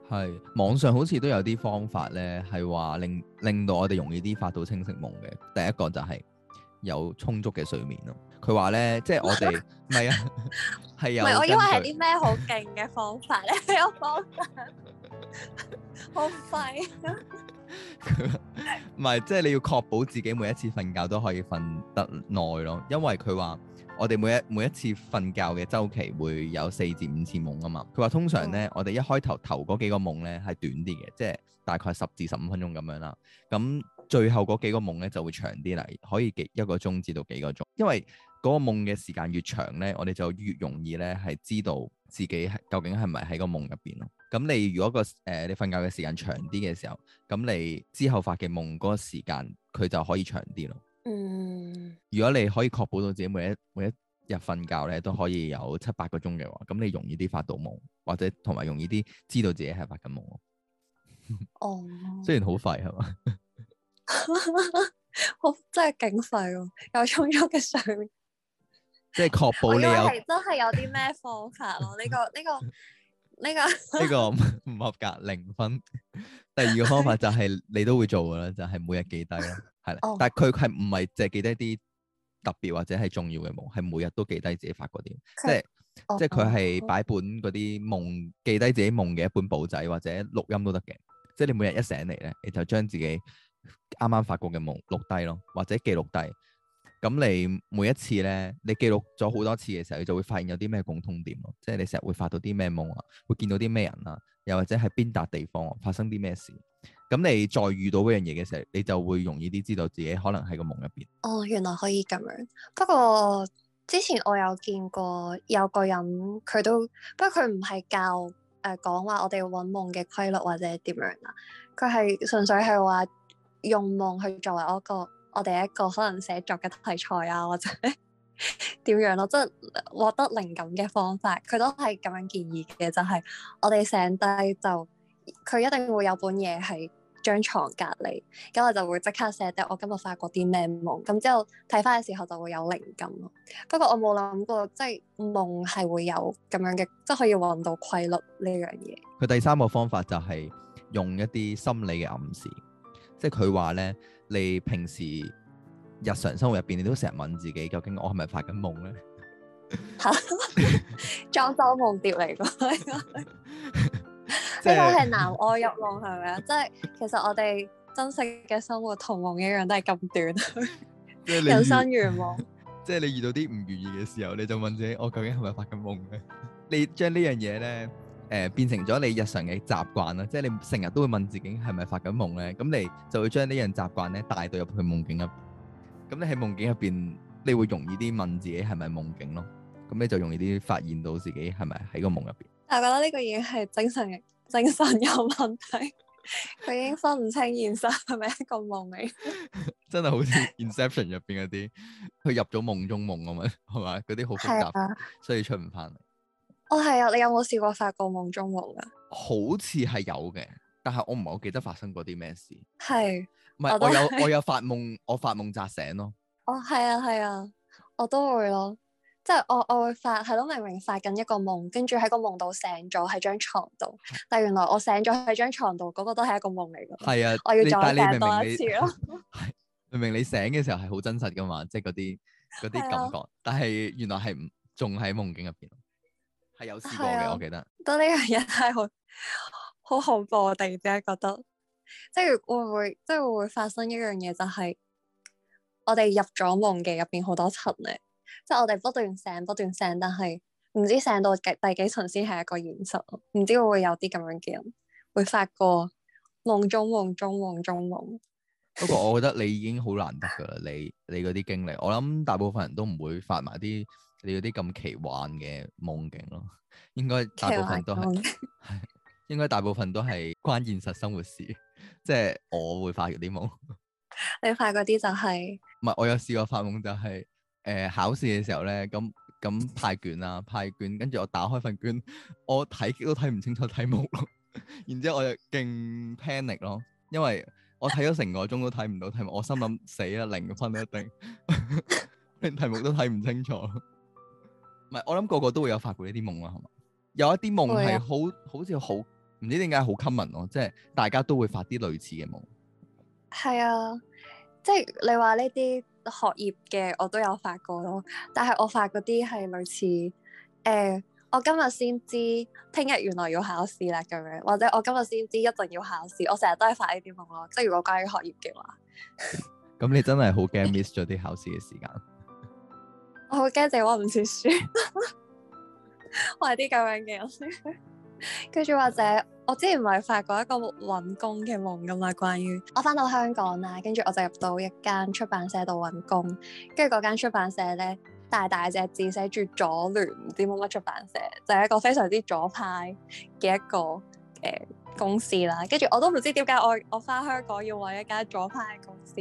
係、嗯、網上好似都有啲方法咧，係話令令到我哋容易啲發到清晰夢嘅。第一個就係、是。有充足嘅睡眠咯。佢話咧，即係我哋，唔係啊，係又唔係？我以為係啲咩好勁嘅方法咧？俾我講下，好廢。唔係，即係你要確保自己每一次瞓覺都可以瞓得耐咯。因為佢話，我哋每一每一次瞓覺嘅週期會有四至五次夢啊嘛。佢話通常咧，嗯、我哋一開頭頭嗰幾個夢咧係短啲嘅，即、就、係、是、大概十至十五分鐘咁樣啦。咁、嗯最後嗰幾個夢咧就會長啲嚟，可以幾一個鐘至到幾個鐘，因為嗰個夢嘅時間越長咧，我哋就越容易咧係知道自己係究竟係咪喺個夢入邊咯。咁你如果，嗰個誒、呃、你瞓覺嘅時間長啲嘅時候，咁你之後發嘅夢嗰個時間佢就可以長啲咯。嗯，如果你可以確保到自己每一每一日瞓覺咧都可以有七八個鐘嘅話，咁你容易啲發到夢，或者同埋容易啲知道自己係發緊夢咯。哦， 雖然好廢係嘛。 好真係勁廢喎，有充足嘅水，即係確保你有，都係有啲咩方法咯？呢個呢個呢個呢個，唔合格，零分。第二個方法就係你都會做噶啦，就係每日記低咯，係啦。但係佢係唔係淨係記得啲特別或者係重要嘅夢，係每日都記低自己發過啲，即係即係佢係擺本嗰啲夢記低自己夢嘅一本簿仔或者錄音都得嘅。即係你每日一醒嚟咧，你就將自己。啱啱發過嘅夢錄低咯，或者記錄低，咁你每一次咧，你記錄咗好多次嘅時候，你就會發現有啲咩共通點咯，即係你成日會發到啲咩夢啊，會見到啲咩人啊，又或者喺邊笪地方發生啲咩事，咁你再遇到嗰樣嘢嘅時候，你就會容易啲知道自己可能喺個夢入邊。哦，原來可以咁樣。不過之前我有見過有個人，佢都不過佢唔係教誒講話我哋要搵夢嘅規律或者點樣啦，佢係純粹係話。用夢去作為、嗰個、我一個我哋一個可能寫作嘅題材啊，或者點樣咯，即係獲得靈感嘅方法。佢都係咁樣建議嘅，就係、係、我哋醒低就，佢一定會有本嘢喺張牀隔離，咁我就會即刻寫低我今日發過啲咩夢。咁之後睇翻嘅時候就會有靈感咯。不過我冇諗過，即係夢係會有咁樣嘅，即係可以揾到規律呢樣嘢。佢第三個方法就係用一啲心理嘅暗示。即係佢話咧，你平時日常生活入邊，你都成日問自己，究竟我係咪發緊夢咧？嚇， 莊周夢蝶嚟㗎，呢我係南柯一夢係咪啊？ 即係是 其實我哋真實嘅生活同夢一樣都係咁短， 人生如夢。即係你遇到啲唔願意嘅時候，你就問自己，我究竟係咪發緊夢咧？ 你將呢樣嘢咧。誒、呃、變成咗你日常嘅習慣啦，即係你成日都會問自己係咪發緊夢咧，咁你就會將呢樣習慣咧帶到入去夢境入，咁你喺夢境入邊，你會容易啲問自己係咪夢境咯，咁你就容易啲發現到自己係咪喺個夢入邊。但我覺得呢個嘢係精神精神有問題，佢 已經分唔清現實係咪一個夢嚟。 真係好似 In《Inception》入邊嗰啲，佢入咗夢中夢咁樣，係嘛？嗰啲好複雜，啊、所以出唔翻嚟。哦，係啊，你有冇試過發過夢中夢啊？好似係有嘅，但係我唔係好記得發生過啲咩事。係是，唔係不我，我有我有發夢，我發夢扎醒咯。哦，係啊係啊，啊，我都會咯，即係我我會發係咯，明明發緊一個夢，跟住喺個夢度醒咗喺張床度，啊、但係原來我醒咗喺張床度，嗰、嗰個都係一個夢嚟嘅。係啊，我要再醒多一次咯。明明你醒嘅時候係好真實噶嘛，即係嗰啲嗰啲感覺，啊、但係原來係唔仲喺夢境入邊。係有試過嘅，啊、我記得。得呢樣嘢太好，好恐怖，我突然之間覺得，即係會唔會，即係會唔會發生一樣嘢，就係、是、我哋入咗夢嘅入邊好多層咧，即係我哋不斷醒不斷醒，但係唔知醒到第第幾層先係一個現實，唔知會唔會有啲咁樣嘅人會發過夢中夢中夢中夢。不過我覺得你已經好難得噶啦， 你你嗰啲經歷，我諗大部分人都唔會發埋啲。你有啲咁奇幻嘅夢境咯，應該大部分都係，係 應該大部分都係關現實生活事，即係我會發嗰啲夢。你發嗰啲就係。唔係我有試過發夢就係，誒考試嘅時候咧，咁咁派卷啊派卷，跟住我打開份卷，我睇都睇唔清楚題目咯，然之後我就勁 panic 咯，因為我睇咗成個鐘都睇唔到題目， 我心諗，死啦，零分都一定， 連題目都睇唔清楚。唔係，我諗個個都會有發過呢啲夢啦，係嘛？有一啲夢係好好似好唔知點解好 common 咯，即係大家都會發啲類似嘅夢。係啊，即係你話呢啲學業嘅，我都有發過咯。但係我發嗰啲係類似誒、呃，我今日先知，聽日原來要考試啦咁樣，或者我今日先知一定要考試，我成日都係發呢啲夢咯。即係如果關於學業嘅話，咁 你真係好驚 miss 咗啲考試嘅時間。好驚！凈我唔識書， 我係啲咁樣嘅人。跟 住或者我之前唔係發過一個揾工嘅夢㗎嘛？關於我返到香港啦，跟住我就入到一間出版社度揾工。跟住嗰間出版社咧，大大隻字寫住左聯，唔知乜乜出版社，就係、是、一個非常之左派嘅一個誒、呃、公司啦。跟住我都唔知點解我我返香港要揾一間左派嘅公司。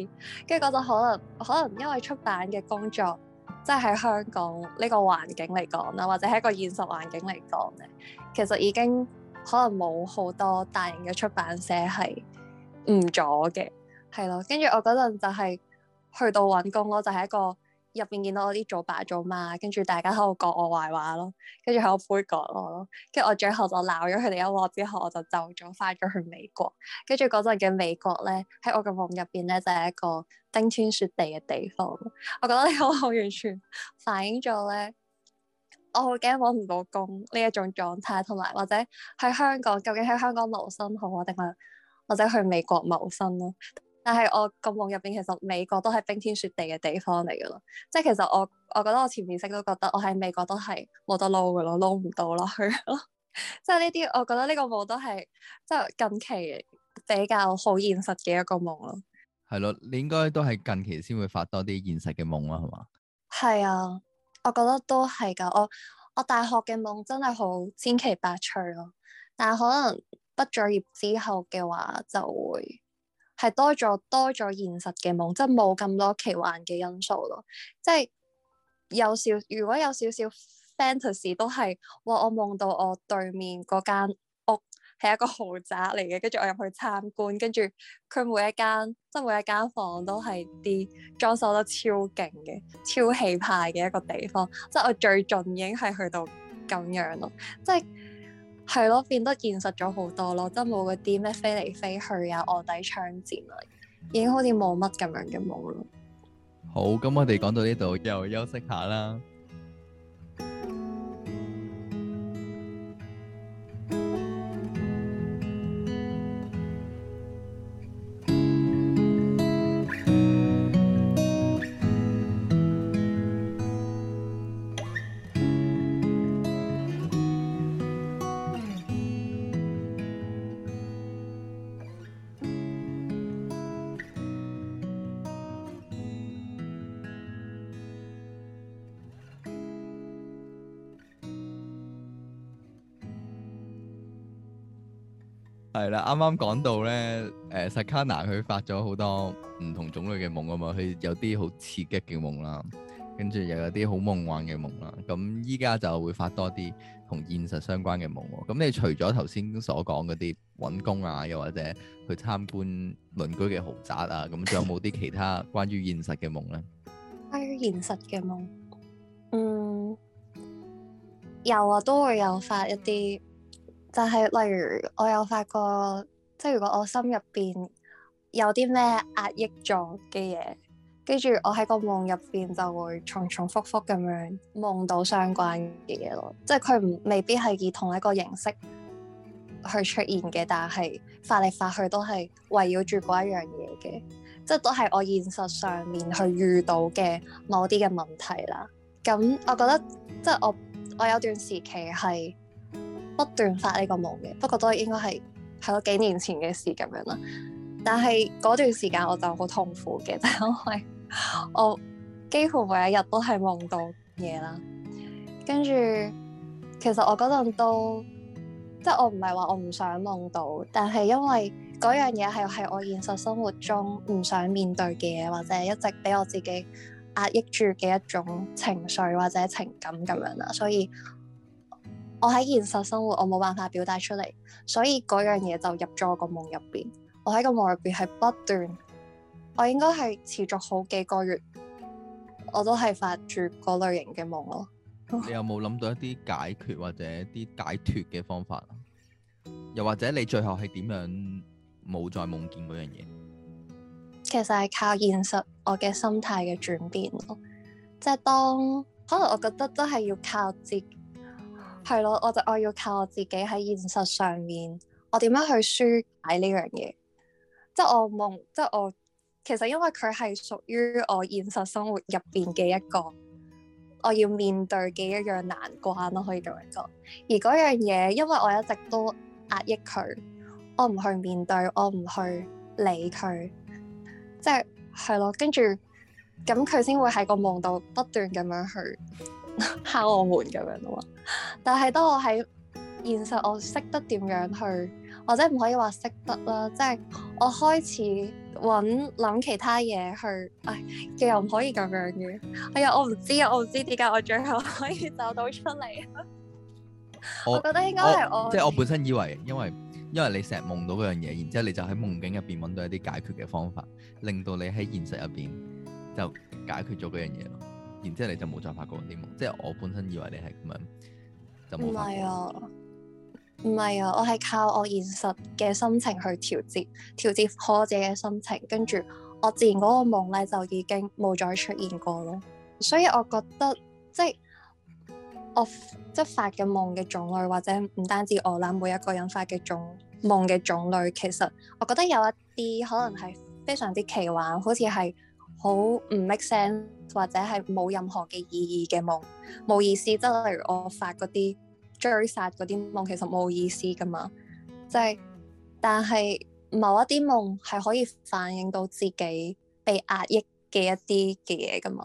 跟住嗰陣可能可能因為出版嘅工作。即係喺香港呢、這個環境嚟講啦，或者係一個現實環境嚟講咧，其實已經可能冇好多大型嘅出版社係唔咗嘅，係咯。跟 住我嗰陣就係、是、去到搵工，我就係、是、一個。入邊見到我啲做爸做媽，跟住大家喺度講我壞話咯，跟住喺我杯葛我咯，跟住我最後就鬧咗佢哋一鑊，之後我就走咗，翻咗去美國。跟住嗰陣嘅美國咧，喺我嘅夢入邊咧，就係一個冰天雪地嘅地方。我覺得你好好完全反映咗咧，我好驚揾唔到工呢一種狀態，同埋或者喺香港究竟喺香港謀生好啊，定係或者去美國謀生咯？但係我個夢入邊，其實美國都係冰天雪地嘅地方嚟嘅咯。即係其實我，我覺得我前面次都覺得我喺美國都係冇得撈噶咯，撈唔到落去咯。即係呢啲，我覺得呢個夢都係即係近期比較好現實嘅一個夢咯。係咯，你應該都係近期先會發多啲現實嘅夢啦，係嘛？係啊，我覺得都係噶。我我大學嘅夢真係好千奇百趣咯，但係可能畢咗業之後嘅話就會。係多咗多咗現實嘅夢，即係冇咁多奇幻嘅因素咯。即係有少，如果有少少 fantasy 都係，哇！我夢到我對面嗰間屋係一個豪宅嚟嘅，跟住我入去參觀，跟住佢每一間，即係每一間房都係啲裝修得超勁嘅，超氣派嘅一個地方。即係我最盡已經係去到咁樣咯，即係。係咯，變得現實咗好多咯，真冇嗰啲咩飛嚟飛去啊、卧底槍戰啊，已經好似冇乜咁樣嘅冇咯。好，咁我哋講到呢度，又休息下啦。係啦，啱啱講到咧，誒、呃、Sakana 佢發咗好多唔同種類嘅夢啊嘛，佢有啲好刺激嘅夢啦，跟住又有啲好夢幻嘅夢啦。咁依家就會發多啲同現實相關嘅夢喎。咁你除咗頭先所講嗰啲揾工啊，又或者去參觀鄰居嘅豪宅啊，咁仲有冇啲其他關於現實嘅夢咧？ 關於現實嘅夢，嗯，有啊，都會有發一啲。就係例如，我有發覺，即係如果我心入邊有啲咩壓抑咗嘅嘢，跟住我喺個夢入邊就會重重覆覆咁樣夢到相關嘅嘢咯。即係佢唔未必係以同一個形式去出現嘅，但係發嚟發去都係圍繞住嗰一樣嘢嘅，即係都係我現實上面去遇到嘅某啲嘅問題啦。咁我覺得即係我我有段時期係，不斷發呢個夢嘅，不過都應該係係我幾年前嘅事咁樣啦。但係嗰段時間我就好痛苦嘅，就因為我幾乎每一日都係夢到嘢啦。跟住，其實我嗰陣都即係我唔係話我唔想夢到，但係因為嗰樣嘢係係我現實生活中唔想面對嘅嘢，或者一直俾我自己壓抑住嘅一種情緒或者情感咁樣啦，所以。我喺現實生活，我冇辦法表達出嚟，所以嗰樣嘢就入咗個夢入邊。我喺個夢入邊係不斷，我應該係持續好幾個月，我都係發住個類型嘅夢咯。你有冇諗到一啲解決或者一啲解脫嘅方法？又或者你最後係點樣冇再夢見嗰樣嘢？其實係靠現實我嘅心態嘅轉變咯，即係當可能我覺得都係要靠自。係咯，我就我要靠我自己喺現實上面，我點樣去紓解呢樣嘢？即係我夢，即係我其實因為佢係屬於我現實生活入邊嘅一個我要面對嘅一樣難關咯，可以咁樣講。而嗰樣嘢，因為我一直都壓抑佢，我唔去面對，我唔去理佢，即係，係咯，跟住咁佢先會喺個夢度不斷咁樣去敲我門咁樣啊！但係當我喺現實，我識得點樣去，或者唔可以話識得啦，即係我開始揾諗其他嘢去，唉、哎，又唔可以咁樣嘅。哎呀，我唔知啊，我唔知點解我最後可以走到出嚟啊！我， 我覺得應該係我，我，即係、即係、我本身以為，因為因為你成日夢到嗰樣嘢，然之後你就喺夢境入邊揾到一啲解決嘅方法，令到你喺現實入邊就解決咗嗰樣嘢咯。然之後你就冇再發過啲夢，即係我本身以為你係咁樣就冇。唔係啊，唔係啊，我係靠我現實嘅心情去調節，調節好自己嘅心情，跟住我自然嗰個夢咧就已經冇再出現過咯。所以我覺得即係我即係發嘅夢嘅種類，或者唔單止我啦，每一個人發嘅種夢嘅種類，其實我覺得有一啲可能係非常之奇幻，好似係好唔 make sense。或者係冇任何嘅意義嘅夢，冇意思。即係例如我發嗰啲追殺嗰啲夢，其實冇意思噶嘛。即係，但係某一啲夢係可以反映到自己被壓抑嘅一啲嘅嘢噶嘛。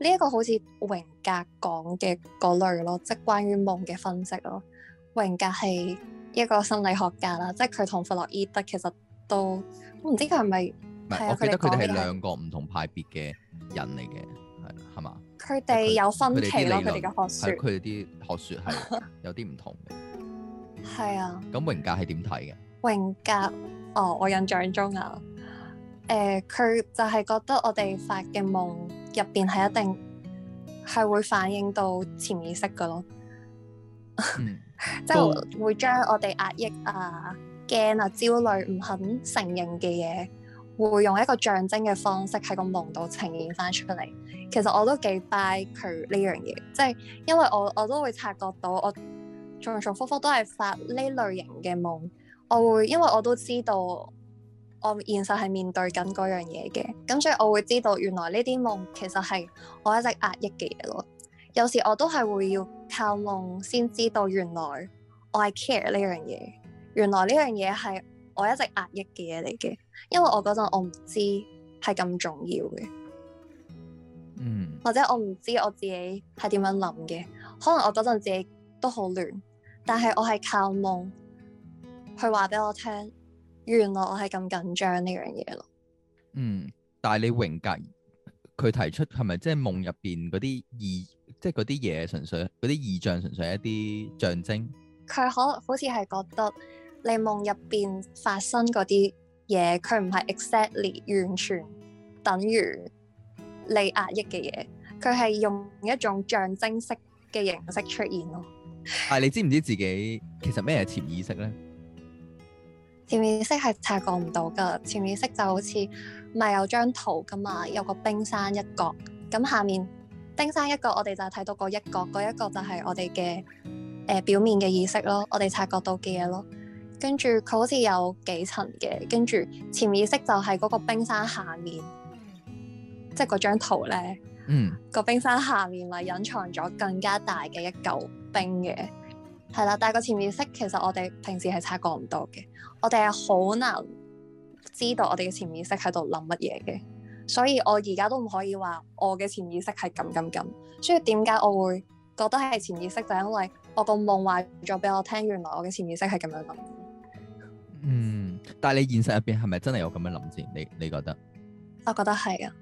呢一個好似榮格講嘅嗰類咯，即係關於夢嘅分析咯。榮格係一個心理學家啦，即係佢同弗洛伊德其實都唔知佢係咪？唔係，係啊，我覺得佢哋係兩個唔同派別嘅人嚟嘅。係嘛？佢哋有分歧咯，佢哋嘅學説，佢哋啲學説係有啲唔同嘅。係 啊，咁榮格係點睇嘅？榮格，哦，我印象中啊，誒、呃，佢就係覺得我哋發嘅夢入邊係一定係會反映到潛意識嘅咯，即 係、嗯、 會將我哋壓抑啊、驚啊、焦慮、唔肯承認嘅嘢。會用一個象徵嘅方式喺個夢度呈現翻出嚟，其實我都幾 buy 佢呢樣嘢，即係因為我我都會察覺到我重重復復，都係發呢類型嘅夢，我會因為我都知道我現實係面對緊嗰樣嘢嘅，咁所以我會知道原來呢啲夢其實係我一直壓抑嘅嘢咯，有時我都係會要靠夢先知道原來我係 care 呢樣嘢，原來呢樣嘢係。我一直壓抑嘅嘢嚟嘅，因為我嗰陣我唔知係咁重要嘅，嗯，或者我唔知我自己係點樣諗嘅，可能我嗰陣自己都好亂，但係我係靠夢去話俾我聽，原來我係咁緊張呢樣嘢咯。嗯，但係你榮格佢提出係咪即係夢入邊嗰啲意，即係嗰啲嘢純粹嗰啲意象，純粹係一啲象徵？佢可能好似係覺得。你夢入邊發生嗰啲嘢，佢唔係 exactly 完全等於你壓抑嘅嘢，佢係用一種象徵式嘅形式出現咯。係、啊、你知唔知自己其實咩係潛意識呢？潛意識係察覺唔到㗎。潛意識就好似咪有張圖㗎嘛，有個冰山一角。咁下面冰山一角，我哋就睇到嗰一角，嗰一個就係我哋嘅誒表面嘅意識咯，我哋察覺到嘅嘢咯。跟住佢好似有幾層嘅，跟住潛意識就係嗰個冰山下面，即係嗰張圖咧，嗯、個冰山下面咪隱藏咗更加大嘅一嚿冰嘅，係啦。但係個潛意識其實我哋平時係察覺唔到嘅，我哋係好難知道我哋嘅潛意識喺度諗乜嘢嘅，所以我而家都唔可以話我嘅潛意識係咁咁咁。所以點解我會覺得係潛意識，就係因為我個夢話咗俾我聽，原來我嘅潛意識係咁樣諗。嗯，但係你現實入邊係咪真係有咁樣諗住？你你覺得？我覺得係啊，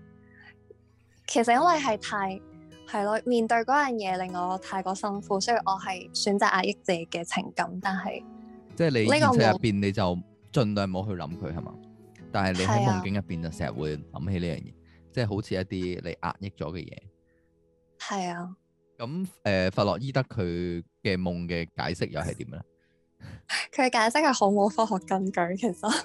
其實因為係太係咯，面對嗰樣嘢令我太過辛苦，所以我係選擇壓抑自己嘅情感。但係即係你現實入邊你就盡量冇去諗佢係嘛？但係你喺夢境入邊就成日會諗起呢樣嘢，的即係好似一啲你壓抑咗嘅嘢。係啊的，咁誒，弗洛伊德佢嘅夢嘅解釋又係點咧？佢解釋係好冇科學根據，其實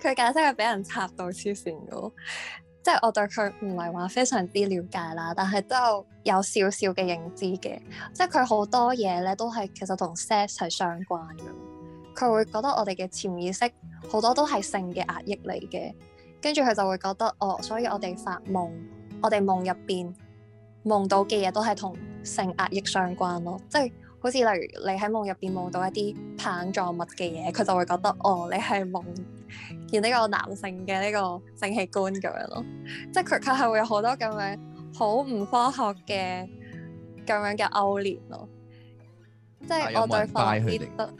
佢 解釋係俾人插到黐線噶， 即係我對佢唔係話非常之了解啦，但係都有少少嘅認知嘅，即係佢好多嘢咧都係其實同 sex 係相關噶，佢會覺得我哋嘅潛意識好多都係性嘅壓抑嚟嘅，跟住佢就會覺得哦，所以我哋發夢，我哋夢入邊夢到嘅嘢都係同性壓抑相關咯，即係。好似例如你喺夢入邊夢到一啲棒狀物嘅嘢，佢就會覺得哦，你係夢見呢個男性嘅呢、呢個性器官咁樣咯。即係佢佢係會有好多咁樣好唔科學嘅咁樣嘅勾連咯。即係我就發現得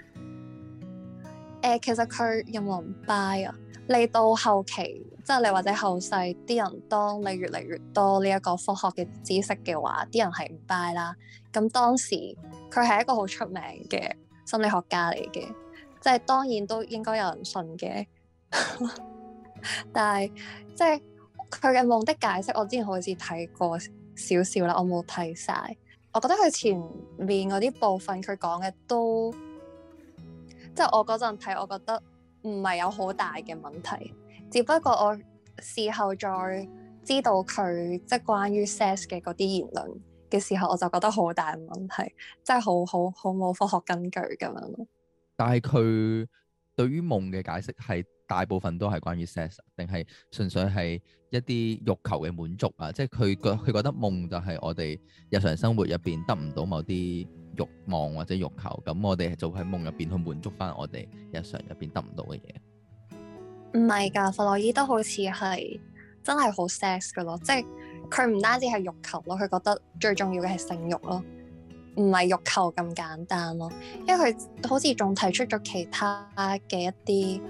誒，其實佢有冇拜啊？你到後期。即係你或者後世啲人，當你越嚟越多呢一個科學嘅知識嘅話，啲人係唔 buy 啦。咁當時佢係一個好出名嘅心理學家嚟嘅，即係當然都應該有人信嘅。 但係即係佢嘅夢的解釋，我之前好似睇過少少啦，我冇睇晒。我覺得佢前面嗰啲部分佢講嘅都，即係我嗰陣睇，我覺得唔係有好大嘅問題。只不過我事後再知道佢即係關於 sex 嘅嗰啲言論嘅時候，我就覺得好大問題，真係好好好冇科學根據咁樣。但係佢對於夢嘅解釋係大部分都係關於 sex，定係純粹係一啲欲求嘅滿足啊？即係佢覺佢覺得夢就係我哋日常生活入邊得唔到某啲欲望或者欲求，咁我哋係就喺夢入邊去滿足翻我哋日常入邊得唔到嘅嘢。唔係㗎，弗洛伊德好似係真係好 sex 嘅咯，即係佢唔單止係欲求咯，佢覺得最重要嘅係性慾咯，唔係欲求咁簡單咯。因為佢好似仲提出咗其他嘅一啲誒、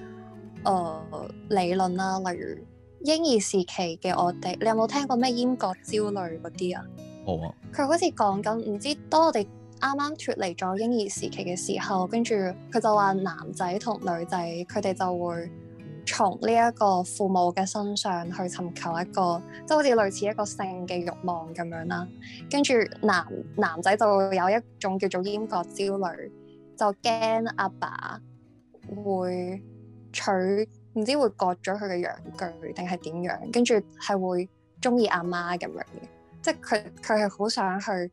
呃、理論啦，例如嬰兒時期嘅我哋，你有冇聽過咩閹割焦慮嗰啲啊？冇啊，oh。佢好似講緊唔知當我哋啱啱脫離咗嬰兒時期嘅時候，跟住佢就話男仔同女仔佢哋就會。從呢一個父母嘅身上去尋求一個，即係好似類似一個性嘅欲望咁樣啦。跟住男男仔就有一種叫做閹割焦慮，就驚阿爸，爸會取唔知會割咗佢嘅陽具定係點樣。跟住係會中意阿媽咁樣嘅，即係佢佢係好想去。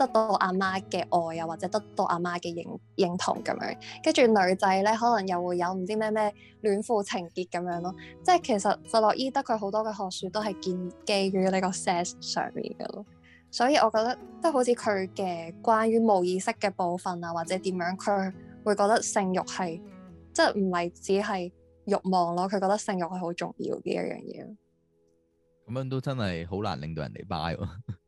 得到阿媽嘅愛又或者得到阿媽嘅認認同咁樣，跟住女仔咧可能又會有唔知咩咩戀父情結咁樣咯。即係其實弗洛伊德佢好多嘅學說都係建基於呢個 sex 上面嘅咯。所以我覺得即係好似佢嘅關於無意識嘅部分啊，或者點樣佢會覺得性慾係即係唔係只係慾望咯，啊？佢覺得性欲係好重要嘅一樣嘢。咁樣都真係好難令到人哋 buy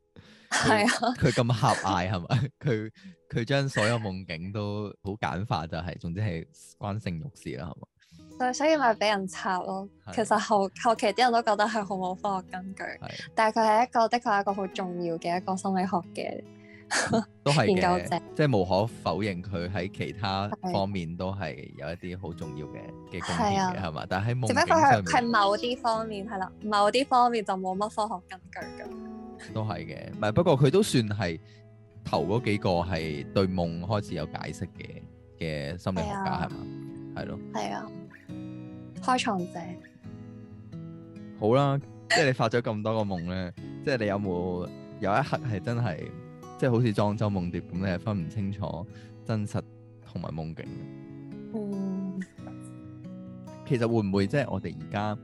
係啊，佢咁狹隘係咪？佢佢將所有夢境都好簡化，就係總之係關性慾事啦，係嘛？所以所以咪俾人插咯。其實後後期啲人都覺得係好冇科學根據，但係佢係一個的確係一個好重要嘅一個心理學嘅研究者，即係無可否認佢喺其他方面都係有一啲好重要嘅嘅貢獻嘅，係嘛？但係夢境就係係某啲方面係啦，某啲方面就冇乜科學根據嘅。都係嘅，唔係，不過佢都算係頭嗰幾個係對夢開始有解釋嘅嘅心理學家係嘛？係咯、啊，係啊，開創者。好啦，即係你發咗咁多個夢咧， 即係你有冇有，有一刻係真係，即係好似莊周夢蝶咁，你係分唔清楚真實同埋夢境。嗯，其實會唔會即係我哋而家？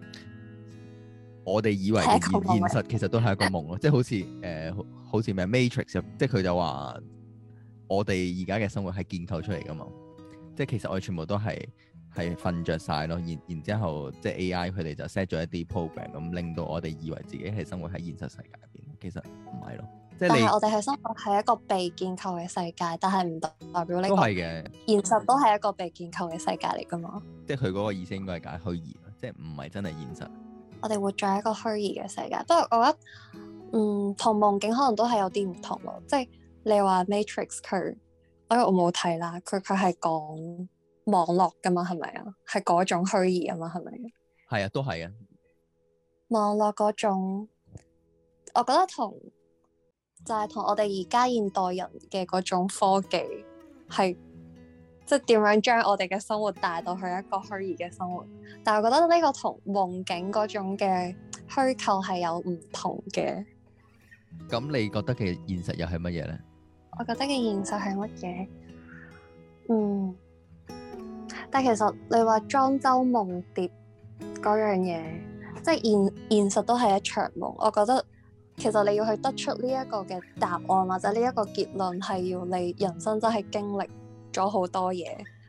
我哋以為嘅現實其實都係一個夢咯，夢即係好似誒、呃，好似咩 Matrix，即係佢就話我哋而家嘅生活係建構出嚟噶嘛，即係其實我哋全部都係係瞓着晒咯，然然之後即係 AI 佢哋就 set 咗一啲 program 咁，令到我哋以為自己係生活喺現實世界入邊，其實唔係咯，即係我哋係生活係一個被建構嘅世界，但係唔代表呢個現實都係一個被建構嘅世界嚟噶嘛，即係佢嗰個意思應該係解虛擬，即係唔係真係現實。我哋活在一個虛擬嘅世界，不過我覺得，嗯，同夢境可能都係有啲唔同咯。即係你話 Matrix 佢，我我冇睇啦。佢佢係講網絡噶嘛，係咪啊？係嗰種虛擬啊嘛，係咪？係啊，都係啊。網絡嗰種，我覺得同就係同我哋而家現代人嘅嗰種科技係。即係點樣將我哋嘅生活帶到去一個虛擬嘅生活，但係我覺得呢個夢同夢境嗰種嘅虛構係有唔同嘅。咁你覺得其實現實又係乜嘢呢？我覺得嘅現實係乜嘢？嗯，但係其實你話莊周夢蝶嗰樣嘢，即係現現實都係一場夢。我覺得其實你要去得出呢一個嘅答案或者呢一個結論，係要你人生真係經歷咗好多嘢，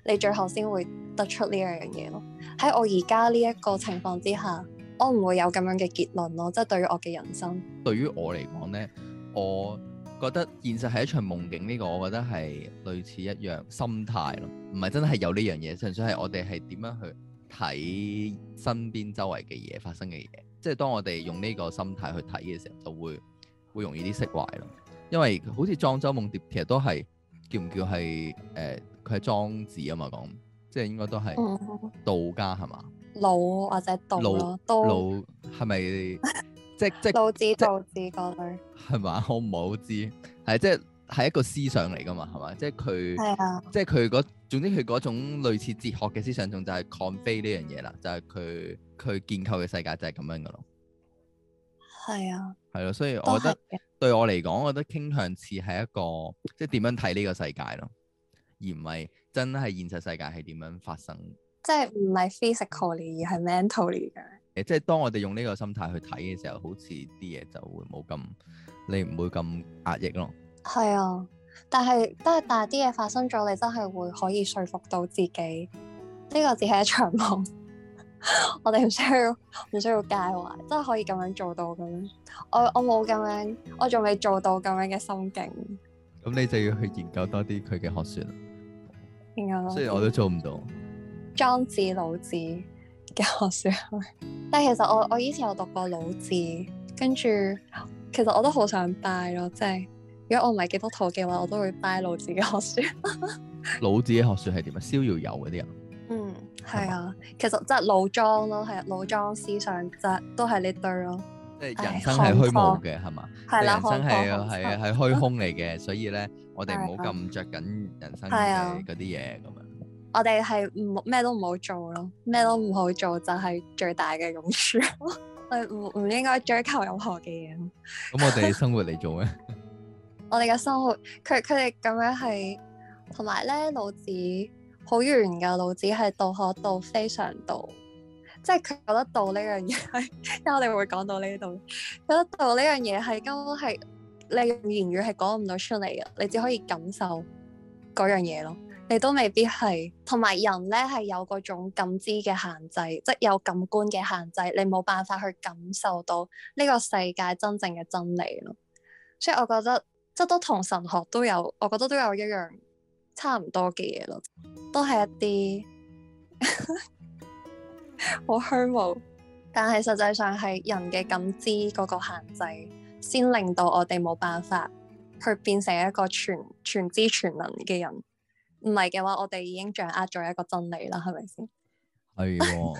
你最後先會得出呢一樣嘢咯。喺我而家呢一個情況之下，我唔會有咁樣嘅結論咯。即係對於我嘅人生，對於我嚟講呢，我覺得現實係一場夢境，呢個我覺得係類似一樣心態咯。唔係真係有呢樣嘢，純粹係我哋係點樣去睇身邊周圍嘅嘢發生嘅嘢。即係當我哋用呢個心態去睇嘅時候，就會會容易啲釋懷咯。因為好似莊周夢蝶，其實都係。叫唔叫係誒？佢係莊子啊嘛，講即係應該都係道家係嘛？老或者道老，係咪？即即道子造子嗰類係嘛？我唔好知係即係係一個思想嚟㗎嘛？係嘛？即係佢即係佢嗰總之佢嗰種類似哲學嘅思想，仲就係抗非呢樣嘢啦。就係佢佢建構嘅世界就係咁樣噶咯。係啊，係咯，所以我覺得。對我嚟講，我覺得傾向似係一個即係點樣睇呢個世界咯，而唔係真係現實世界係點樣發生。即係唔係 physically 而係 mentally 嘅。誒，即係當我哋用呢個心態去睇嘅時候，好似啲嘢就會冇咁，你唔會咁壓抑咯。係啊，但係都係，但係啲嘢發生咗，你真係會可以說服到自己呢個只係一場夢。 我哋唔需要唔需要介懷，真係可以咁樣做到噶。我我冇咁樣，我仲未做到咁樣嘅心境。咁你就要去研究多啲佢嘅學說。點解？雖然我都做唔到莊子、裝子老子嘅學說， 但係其實我我以前有讀過老子，跟住其實我都好想拜咯。即係如果我唔係基督徒嘅話，我都會拜老子嘅學說。 老子嘅學說係點啊？逍遙遊嗰啲人。係啊，其實即係老莊咯，係啊，老莊思想就都係呢堆咯。即係人生係虛無嘅，係嘛？係啦，空空係啊，係虛空嚟嘅，所以咧，我哋唔好咁着緊人生嘅嗰啲嘢咁樣。 啊、我哋係唔咩都唔好做咯，咩都唔好做就係最大嘅用處。我唔唔應該追求任何嘅嘢。咁 我哋生活嚟做咩？ 我哋嘅生活，佢佢哋咁樣係，同埋咧老子。好圓嘅腦子係道學道非常道，即係佢覺得道呢樣嘢係，因為我哋會講到呢度，覺得道呢樣嘢係根本係你用言語係講唔到出嚟嘅，你只可以感受嗰樣嘢咯。你都未必係同埋人咧，係有嗰種感知嘅限制，即係有感官嘅限制，你冇辦法去感受到呢個世界真正嘅真理咯。所以我覺得即係都同神學都有，我覺得都有一樣。差唔多嘅嘢咯，都係一啲好 虛無，但係實際上係人嘅感知嗰個限制，先令到我哋冇辦法去變成一個全全知全能嘅人。唔係嘅話，我哋已經掌握咗一個真理啦，係咪先？係。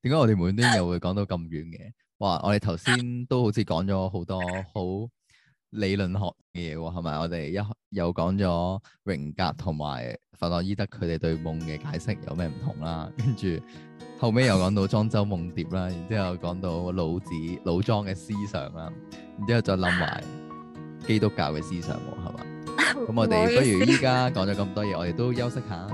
點解我哋無端端又會講到咁遠嘅？哇！我哋頭先都好似講咗好多好～.理論學嘅嘢係咪？我哋一又講咗榮格同埋弗洛伊德佢哋對夢嘅解釋有咩唔同啦？跟 住後尾又講到莊周夢蝶啦，然之後講到老子老莊嘅思想啦，然之後再諗埋基督教嘅思想，係嘛？咁 我哋不如依家講咗咁多嘢， 我哋都休息下。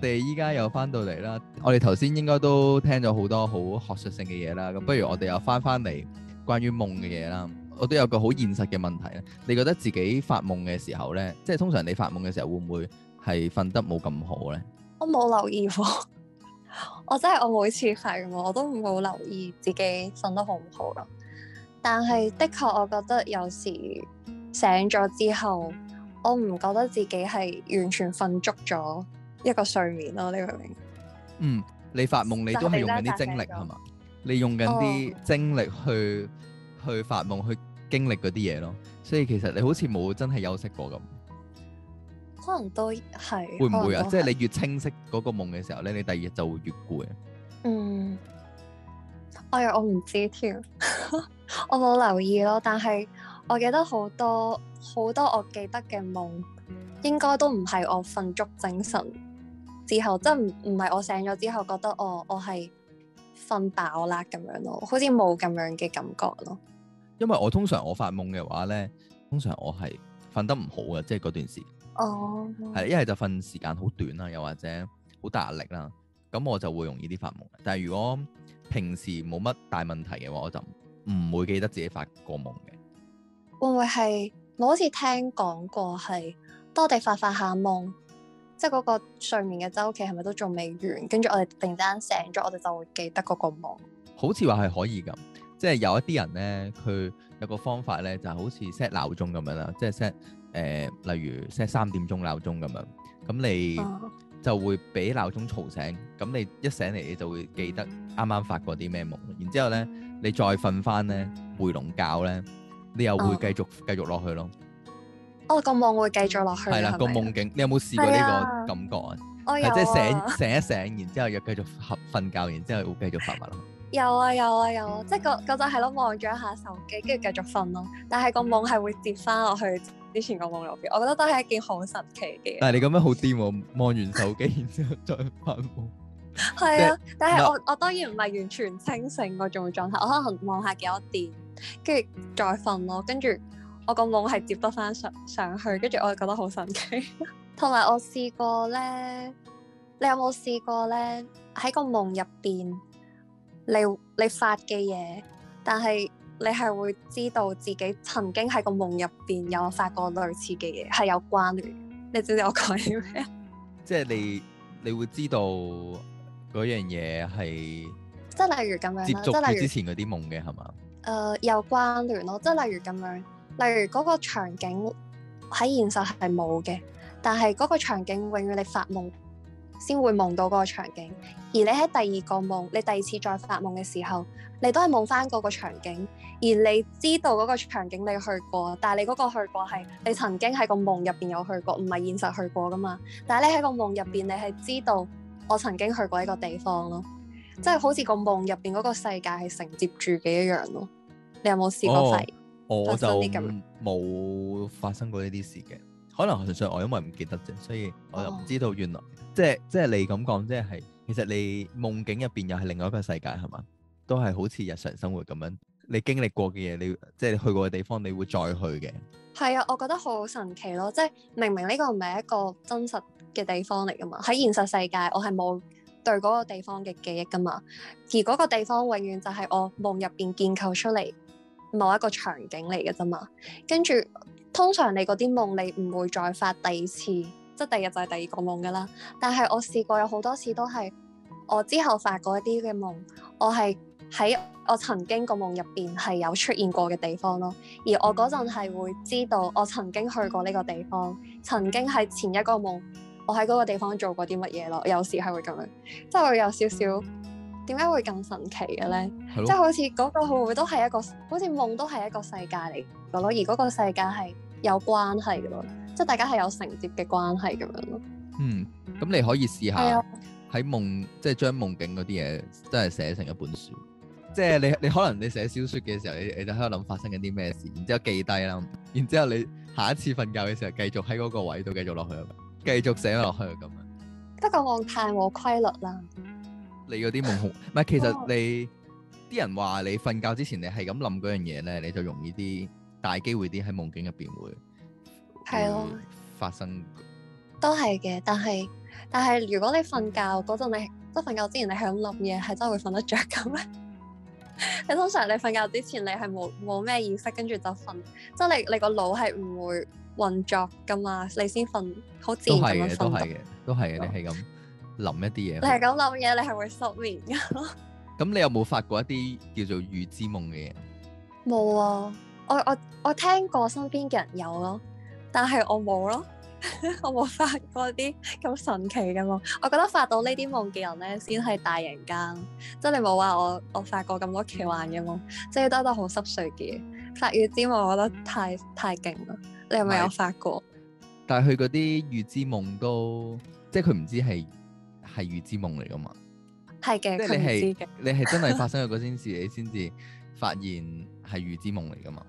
我哋依家又翻到嚟啦，我哋頭先應該都聽咗好多好學術性嘅嘢啦，咁不如我哋又翻翻嚟關於夢嘅嘢啦。我都有個好現實嘅問題咧，你覺得自己發夢嘅時候呢？即係通常你發夢嘅時候會唔會係瞓得冇咁好呢？我冇留意、啊， 我真係我每次發，我都冇留意自己瞓得好唔好咯。但係的確，我覺得有時醒咗之後，我唔覺得自己係完全瞓足咗。一個睡眠咯，呢個名。嗯，你發夢你都係用緊啲精力係嘛？你用緊啲精力去、哦、去，去發夢，去經歷嗰啲嘢咯。所以其實你好似冇真係休息過咁。可能都係。會唔會啊？即係你越清晰嗰個夢嘅時候咧，你第二日就會越攰。嗯，哎呀， 我唔知添，我冇留意咯。但係我記得好多好多我記得嘅夢，應該都唔係我瞓足精神。之後真唔唔係我醒咗之後覺得、哦、我我係瞓飽啦咁樣咯，好似冇咁樣嘅感覺咯。因為我通常我發夢嘅話咧，通常我係瞓得唔好嘅，即係嗰段時間哦係一係就瞓時間好短啦，又或者好大壓力啦，咁我就會容易啲發夢。但係如果平時冇乜大問題嘅話，我就唔會記得自己發過夢嘅。會唔會係我好似聽講過係多啲發發下夢？即係嗰個睡眠嘅周期係咪都仲未完？跟住我哋突然之間醒咗，我哋就會記得嗰個夢。好似話係可以咁，即係有一啲人咧，佢有個方法咧，就好似 set 鬧鐘咁樣啦，即係 set 誒，例如 set 三點鐘鬧鐘咁樣，咁你就會俾鬧鐘嘈醒，咁、oh. 你一醒嚟你就會記得啱啱發過啲咩夢。然之後咧，你再瞓翻咧，回籠覺咧，你又會繼續、oh. 繼續落去咯。哦，個夢會繼續落去。係啦，個夢境，你有冇試過呢個感覺啊？我有，即係醒醒一醒，然之後又繼續合瞓覺，然之後又繼續發夢。有啊有啊有，啊。即係個個係咯，望咗一下手機，跟住繼續瞓咯。但係個夢係會跌翻落去之前個夢入邊。我覺得都係一件好神奇嘅嘢。但係你咁樣好癲喎，望完手機，然之後再發夢。係啊，但係我我當然唔係完全清醒，嗰種狀態，我可能望下幾多點，跟住再瞓咯，跟住。我個夢係接得翻上上去，跟住我就覺得好神奇。同埋我試過咧，你有冇試過咧？喺個夢入邊，你你發嘅嘢，但係你係會知道自己曾經喺個夢入邊有發過類似嘅嘢，係有關聯。你知唔知我講啲咩？ 即係你，你會知道嗰樣嘢係，即係例如咁樣接觸之前嗰啲夢嘅係嘛？誒，有關聯咯，即係例如咁樣。例如嗰個場景喺現實係冇嘅，但係嗰個場景永遠你發夢先會夢到嗰個場景，而你喺第二個夢，你第二次再發夢嘅時候，你都係夢返嗰個場景，而你知道嗰個場景你去過，但係你嗰個去過係你曾經喺個夢入邊有去過，唔係現實去過噶嘛？但係你喺個夢入邊，你係知道我曾經去過一個地方咯，即係好似個夢入邊嗰個世界係承接住嘅一樣咯。你有冇試過？我就冇發生過呢啲事嘅，可能純粹我因為唔記得啫，所以我就唔知道原來、哦、即係即係你咁講，即係其實你夢境入邊又係另外一個世界係嘛？都係好似日常生活咁樣，你經歷過嘅嘢，你即係你去過嘅地方，你會再去嘅。係啊，我覺得好神奇咯！即係明明呢個唔係一個真實嘅地方嚟噶嘛，喺現實世界我係冇對嗰個地方嘅記憶噶嘛，而嗰個地方永遠就係我夢入邊建構出嚟。某一個場景嚟嘅啫嘛，跟住通常你嗰啲夢你唔會再發第二次，即係第二日就係第二個夢噶啦。但係我試過有好多次都係我之後發過一啲嘅夢，我係喺我曾經個夢入邊係有出現過嘅地方咯。而我嗰陣係會知道我曾經去過呢個地方，曾經係前一嗰個夢，我喺嗰個地方做過啲乜嘢咯。有時係會咁樣，即係會有少少。點解會咁神奇嘅咧？即係的好似嗰個，會唔會都係一個，好似夢都係一個世界嚟嘅咯？而嗰個世界係有關係嘅咯，即係大家係有承接嘅關係咁樣咯。嗯，咁你可以試下喺夢，的即係將夢境嗰啲嘢，真係寫成一本書。即係你，你可能你寫小説嘅時候，你你就喺度諗發生緊啲咩事，然之後記低啦，然之後你下一次瞓覺嘅時候，繼續喺嗰個位度繼續落去，繼續寫落去咁樣。 不過我太冇規律啦。.你嗰啲夢控，唔係其實你啲人話你瞓覺之前，你係咁諗嗰樣嘢咧，你就容易啲大機會啲喺夢境入邊會係咯發生，都係嘅。但係但係如果你瞓覺嗰陣，你即係瞓覺之前，你係咁諗嘢，係真係會瞓得着咁咧。你 通常你瞓覺之前，你係冇冇咩意識，跟住就瞓，即係你你個腦係唔會運作㗎嘛，你先瞓好自然咁，都係嘅，都係嘅，你係嘅，咁是。諗一啲嘢，你係咁諗嘢，你係會失眠噶咯。咁你有冇發過一啲叫做預知夢嘅嘢？冇啊，我我我聽過身邊嘅人有咯，但係我冇咯， 我冇發過啲咁神奇嘅夢。我覺得發到呢啲夢嘅人咧，先係大人間。即係你冇話我，我發過咁多奇幻嘅夢，即係多得好濕碎嘅嘢。發預知夢，我覺得太太勁啦。你係咪有發過？但係佢嗰啲預知夢都，即係佢唔知係。係預知夢嚟噶嘛？係嘅的，即係你係 你係真係發生咗嗰件事，你先至發現係預知夢嚟噶嘛？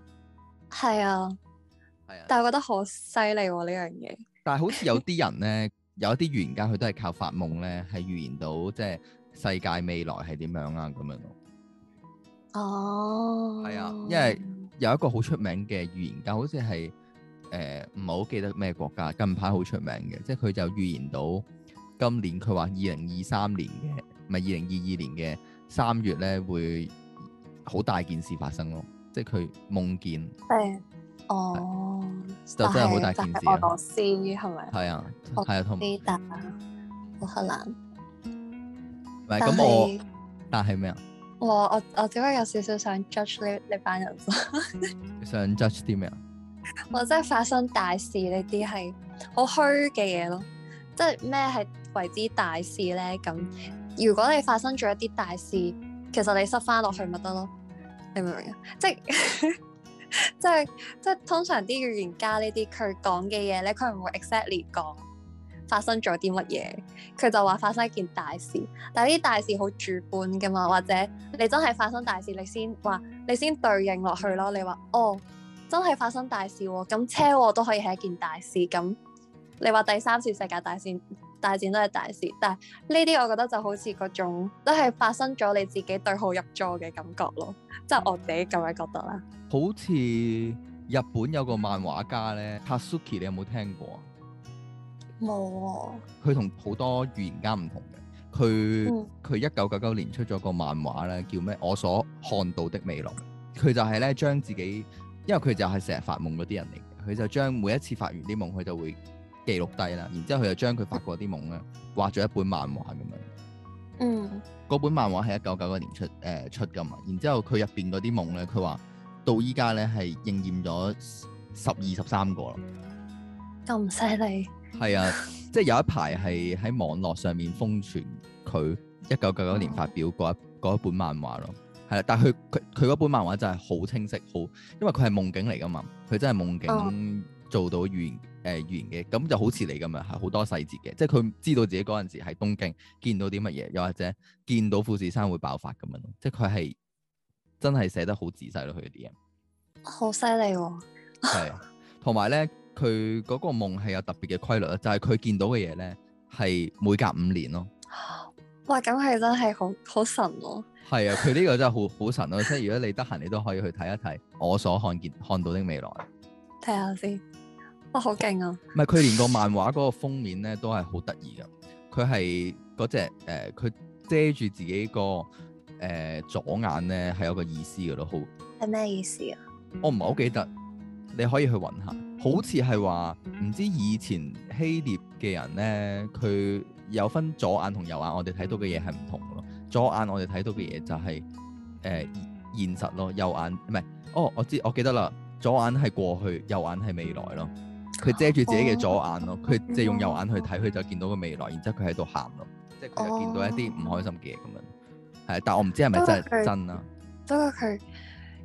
係啊，係啊，但係我覺得、啊這個、好犀利呢樣嘢。但係好似有啲人咧，有一啲預言家佢都係靠發夢咧，係預言到即係世界未來係點樣啊咁樣咯。哦，係啊，因為有一個好出名嘅預言家，好似係誒唔係好記得咩國家，近排好出名嘅，即係佢就預言到。今年佢話二零二三年嘅，唔係二零二二年嘅三月咧，會好大件事發生咯。即係佢夢見，係、嗯、哦，就真係好大件事。俄羅斯係咪？係啊，係啊、嗯，同好克蘭烏克蘭。唔係咁我，但係咩啊？我我我只不過有少少想 judge 呢呢班人想 judge 啲咩啊？ 我真係發生大事呢啲係好虛嘅嘢咯，即係咩係？為之大事咧，咁如果你發生咗一啲大事，其實你塞翻落去咪得咯？你明唔明啊？即係 即係即係，通常啲預言家呢啲佢講嘅嘢咧，佢唔會 exactly 講發生咗啲乜嘢，佢就話發生一件大事。但係呢啲大事好主觀噶嘛，或者你真係發生大事，你先話你先對應落去咯。你話哦，真係發生大事喎，哦，咁車禍都可以係一件大事。咁你話第三次世界大戰？大戰都係大事，但係呢啲我覺得就好似嗰種都係、就是、發生咗你自己對號入座嘅感覺咯，即、就、係、是、我自己咁樣覺得啦。好似日本有個漫畫家咧，Tatsuki，你有冇聽過？冇。佢有同好多預言家唔同嘅，佢佢一九九九年出咗個漫畫咧，叫咩？我所看到的未來。佢就係咧將自己，因為佢就係成日發夢嗰啲人嚟嘅。佢就將每一次發完啲夢，佢就會，記錄低啦，然之後佢就將佢發過啲夢咧，畫咗、啊、一本漫畫咁樣。嗯，嗰本漫畫係一九九九年出誒、呃、出噶嘛，然之後佢入邊嗰啲夢咧，佢話到依家咧係應驗咗十二、十三個咯。咁犀利？係啊，即、就、係、是、有一排係喺網絡上面封存佢一九九九年發表嗰一一、嗯、本漫畫咯。係啦、啊，但係佢佢佢嗰本漫畫就係好清晰，好因為佢係夢境嚟噶嘛，佢真係夢境、嗯。做到言誒、呃、言嘅，咁就好似你咁樣，好多細節嘅，即係佢知道自己嗰陣時喺東京見到啲乜嘢，又或者見到富士山會爆發咁樣咯，即係佢係真係寫得好仔細咯。佢啲嘢好犀利喎。係 啊，同埋咧，佢嗰個夢係有特別嘅規律就係、是、佢見到嘅嘢咧係每隔五年咯。哇，咁係真係好好神咯。係啊，佢 呢、啊、個真係好好神咯、啊，即係如果你得閒，你都可以去睇一睇《我所看見看到的未來》。睇下先。我好勁啊！唔係佢連個漫畫嗰個封面咧都係好得意嘅。佢係嗰隻誒，佢，呃，遮住自己個誒，呃，左眼咧，係有個意思噶咯，好係咩意思啊？我唔係好記得，嗯、你可以去搵下，好似係話唔知以前希臘嘅人咧，佢有分左眼同右眼，我哋睇到嘅嘢係唔同噶咯。左眼我哋睇到嘅嘢就係、是、誒、呃、現實咯，右眼唔係哦，我知我記得啦，左眼係過去，右眼係未來咯。佢遮住自己嘅左眼咯，佢即係用右眼去睇，佢、哦、就見到個未來，然之後佢喺度喊咯，即係佢就見到一啲唔開心嘅嘢咁樣。係，但係我唔知係咪真係真啦。不過佢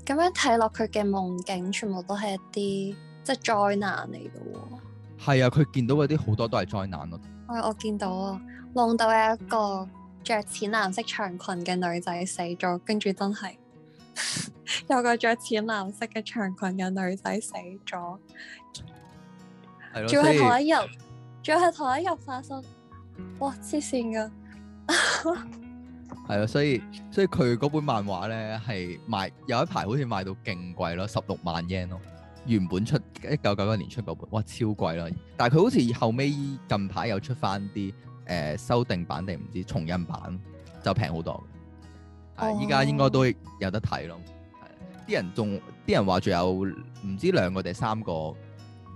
咁樣睇落，佢嘅夢境全部都係一啲即係災難嚟嘅喎。係啊，佢見到嗰啲好多都係災難咯，啊哎。我我見到啊，望到有一個着淺藍色長裙嘅女仔死咗，跟住真係 有個着淺藍色嘅長裙嘅女仔死咗。仲係同一日，仲係同一日發生，哇，黐線㗎！係啊，所以所以佢嗰本漫畫咧係賣有一排，好似賣到勁貴咯，十六萬 yen 咯。原本出一九九一年出嗰本，哇超貴咯。但係佢好似後尾近排又出翻啲誒修訂版定唔知重印版，就平好多。係依家應該都有得睇咯。啲人仲啲人話仲有唔知兩個定三個。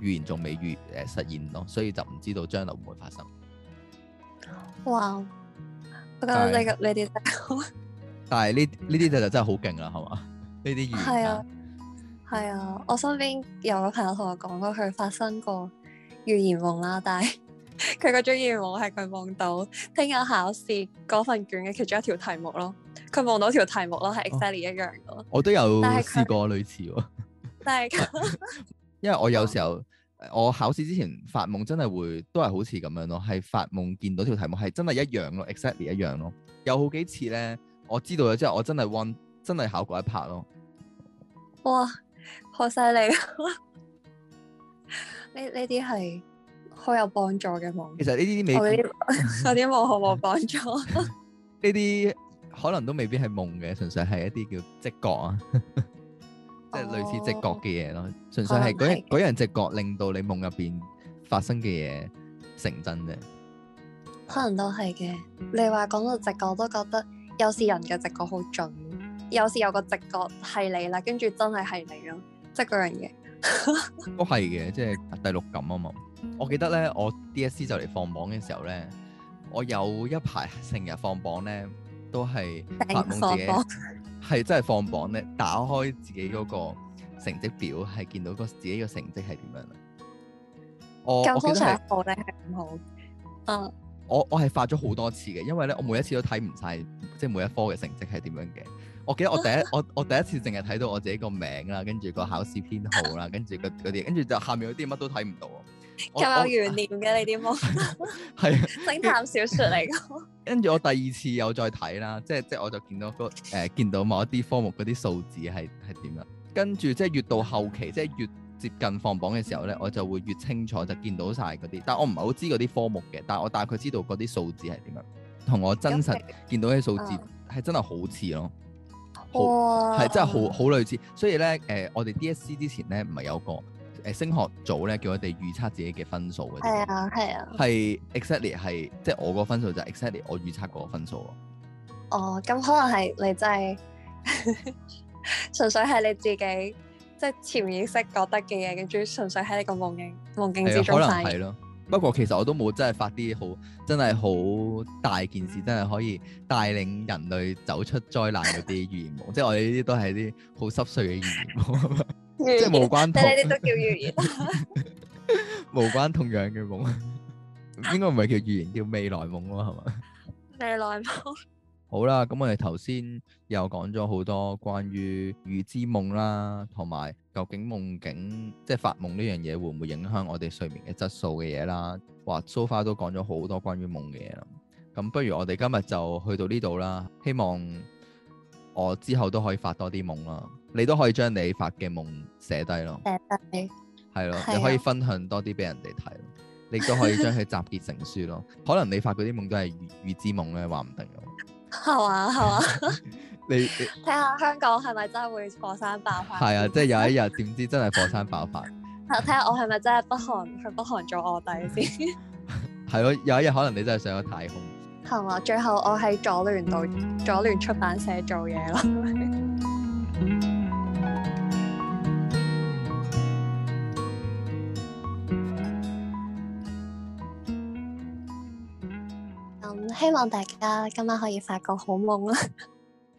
預言仲未遇誒、呃、實現咯，所以就唔知道將來會唔會發生。哇！不過你是你啲但係呢呢啲就真係好勁啦，係嘛、嗯？呢啲言，係啊係啊！我身邊有個朋友同我講過，佢發生過預言夢啦，但係佢個中意夢係佢望到聽日考試嗰份卷嘅其中一條題目咯，佢望到條題目咯係 exactly 一樣咯，哦。我都有試過類似、哦但，但係。因為我有時候哇我考試之前發夢真，真係會都係好似咁樣咯，係發夢見到條題目係真係一樣咯，exactly 一樣咯。有好幾次咧，我知道咗之後，我真係 one 真係考過一 part 咯。哇，好犀利啊！呢呢啲係好有幫助嘅夢。其實呢啲啲未 有啲有好冇幫助。呢 啲可能都未必係夢嘅，純粹係一啲叫直覺啊。 即係類似直覺嘅嘢咯，哦、純粹係嗰嗰樣直覺令到你夢入邊發生嘅嘢成真嘅。可能都係嘅，你話講到直覺，我都覺得有時人嘅直覺好準，有時有個直覺係你啦，跟住真係係你咯，即嗰樣嘢。 都係嘅，即係第六感啊嘛。 我記得咧，我 D S C 就嚟放榜嘅時候咧，我有一排成日放榜咧，都係發夢自己。 係真係放榜咧，打開自己嗰個成績表，係見到個自己個成績係點樣啦。交通上號定係五號？嗯。我我係發咗好多次嘅，因為咧我每一次都睇唔晒，即係每一科嘅成績係點樣嘅。我記得我第一 我我第一次淨係睇到我自己個名啦，跟住個考試編號啦，跟住嗰啲，跟住就下面嗰啲乜都睇唔到。咁有懸念嘅呢啲夢，係偵探小説嚟㗎。跟住我第二次又再睇啦，即係即係我就見到嗰誒、呃、見到某一啲科目嗰啲數字係係點樣。跟住即係越到後期，即、就、係、係、越接近放榜嘅時候咧，嗯、我就會越清楚就見到晒嗰啲。但係我唔係好知嗰啲科目嘅，但係我大概知道嗰啲數字係點樣，同我真實見到嘅數字係真係、嗯、好似咯，係哇真係好好類似。所以咧誒、呃，我哋 DSE 之前咧唔係有個。誒升學組咧，叫我哋預測自己嘅分數嘅。係啊，係 啊。係 exactly 係即係我個分數就是、exactly 我預測嗰個分數咯。哦、oh，嗯，咁可能係你真係 純粹係你自己即係、就是、潛意識覺得嘅嘢，跟住純粹喺你個夢境夢境之中可能係咯， 不過其實我都冇真係發啲好真係好大件事，真係可以帶領人類走出災難嗰啲預言夢，即係 我哋呢啲都係啲好濕碎嘅預言，預言夢 即係無關同，你哋都叫預言。無關同樣嘅夢， 應該唔係叫預言，叫未來夢咯，係嘛？未來夢。好啦，咁我哋頭先又講咗好多關於預知夢啦，同埋究竟夢境即係、就是、發夢呢樣嘢會唔會影響我哋睡眠嘅質素嘅嘢啦？話 so far 都講咗好多關於夢嘅嘢啦。咁不如我哋今日就去到呢度啦，希望我之後都可以發多啲夢啦。你都可以將你發嘅夢寫低咯，寫低，係咯的，的你可以分享多啲俾人哋睇。的你都可以將佢集結成書咯。 可能你發嗰啲夢都係預預知夢咧，話唔定咯。係啊，係啊， 你睇下你香港係咪真係會火山爆發？係啊，即係有一日點知真係火山爆發？睇下 我係咪真係北韓去北韓做臥底先？係 咯，有一日可能你真係上咗太空。係啊，最後我喺左聯度左聯出版社做嘢咯。 希望大家今晚可以發個好夢啦！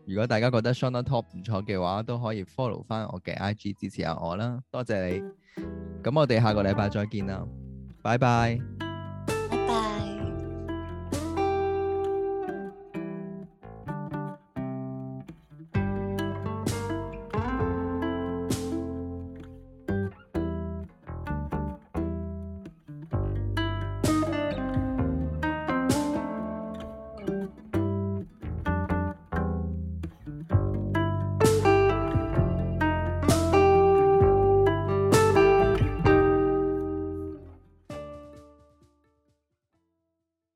如果大家覺得相當 top 唔錯嘅話，都可以 follow 翻我嘅 IG 支持下我啦，多謝你！咁我哋下個禮拜再見啦，拜拜。拜拜！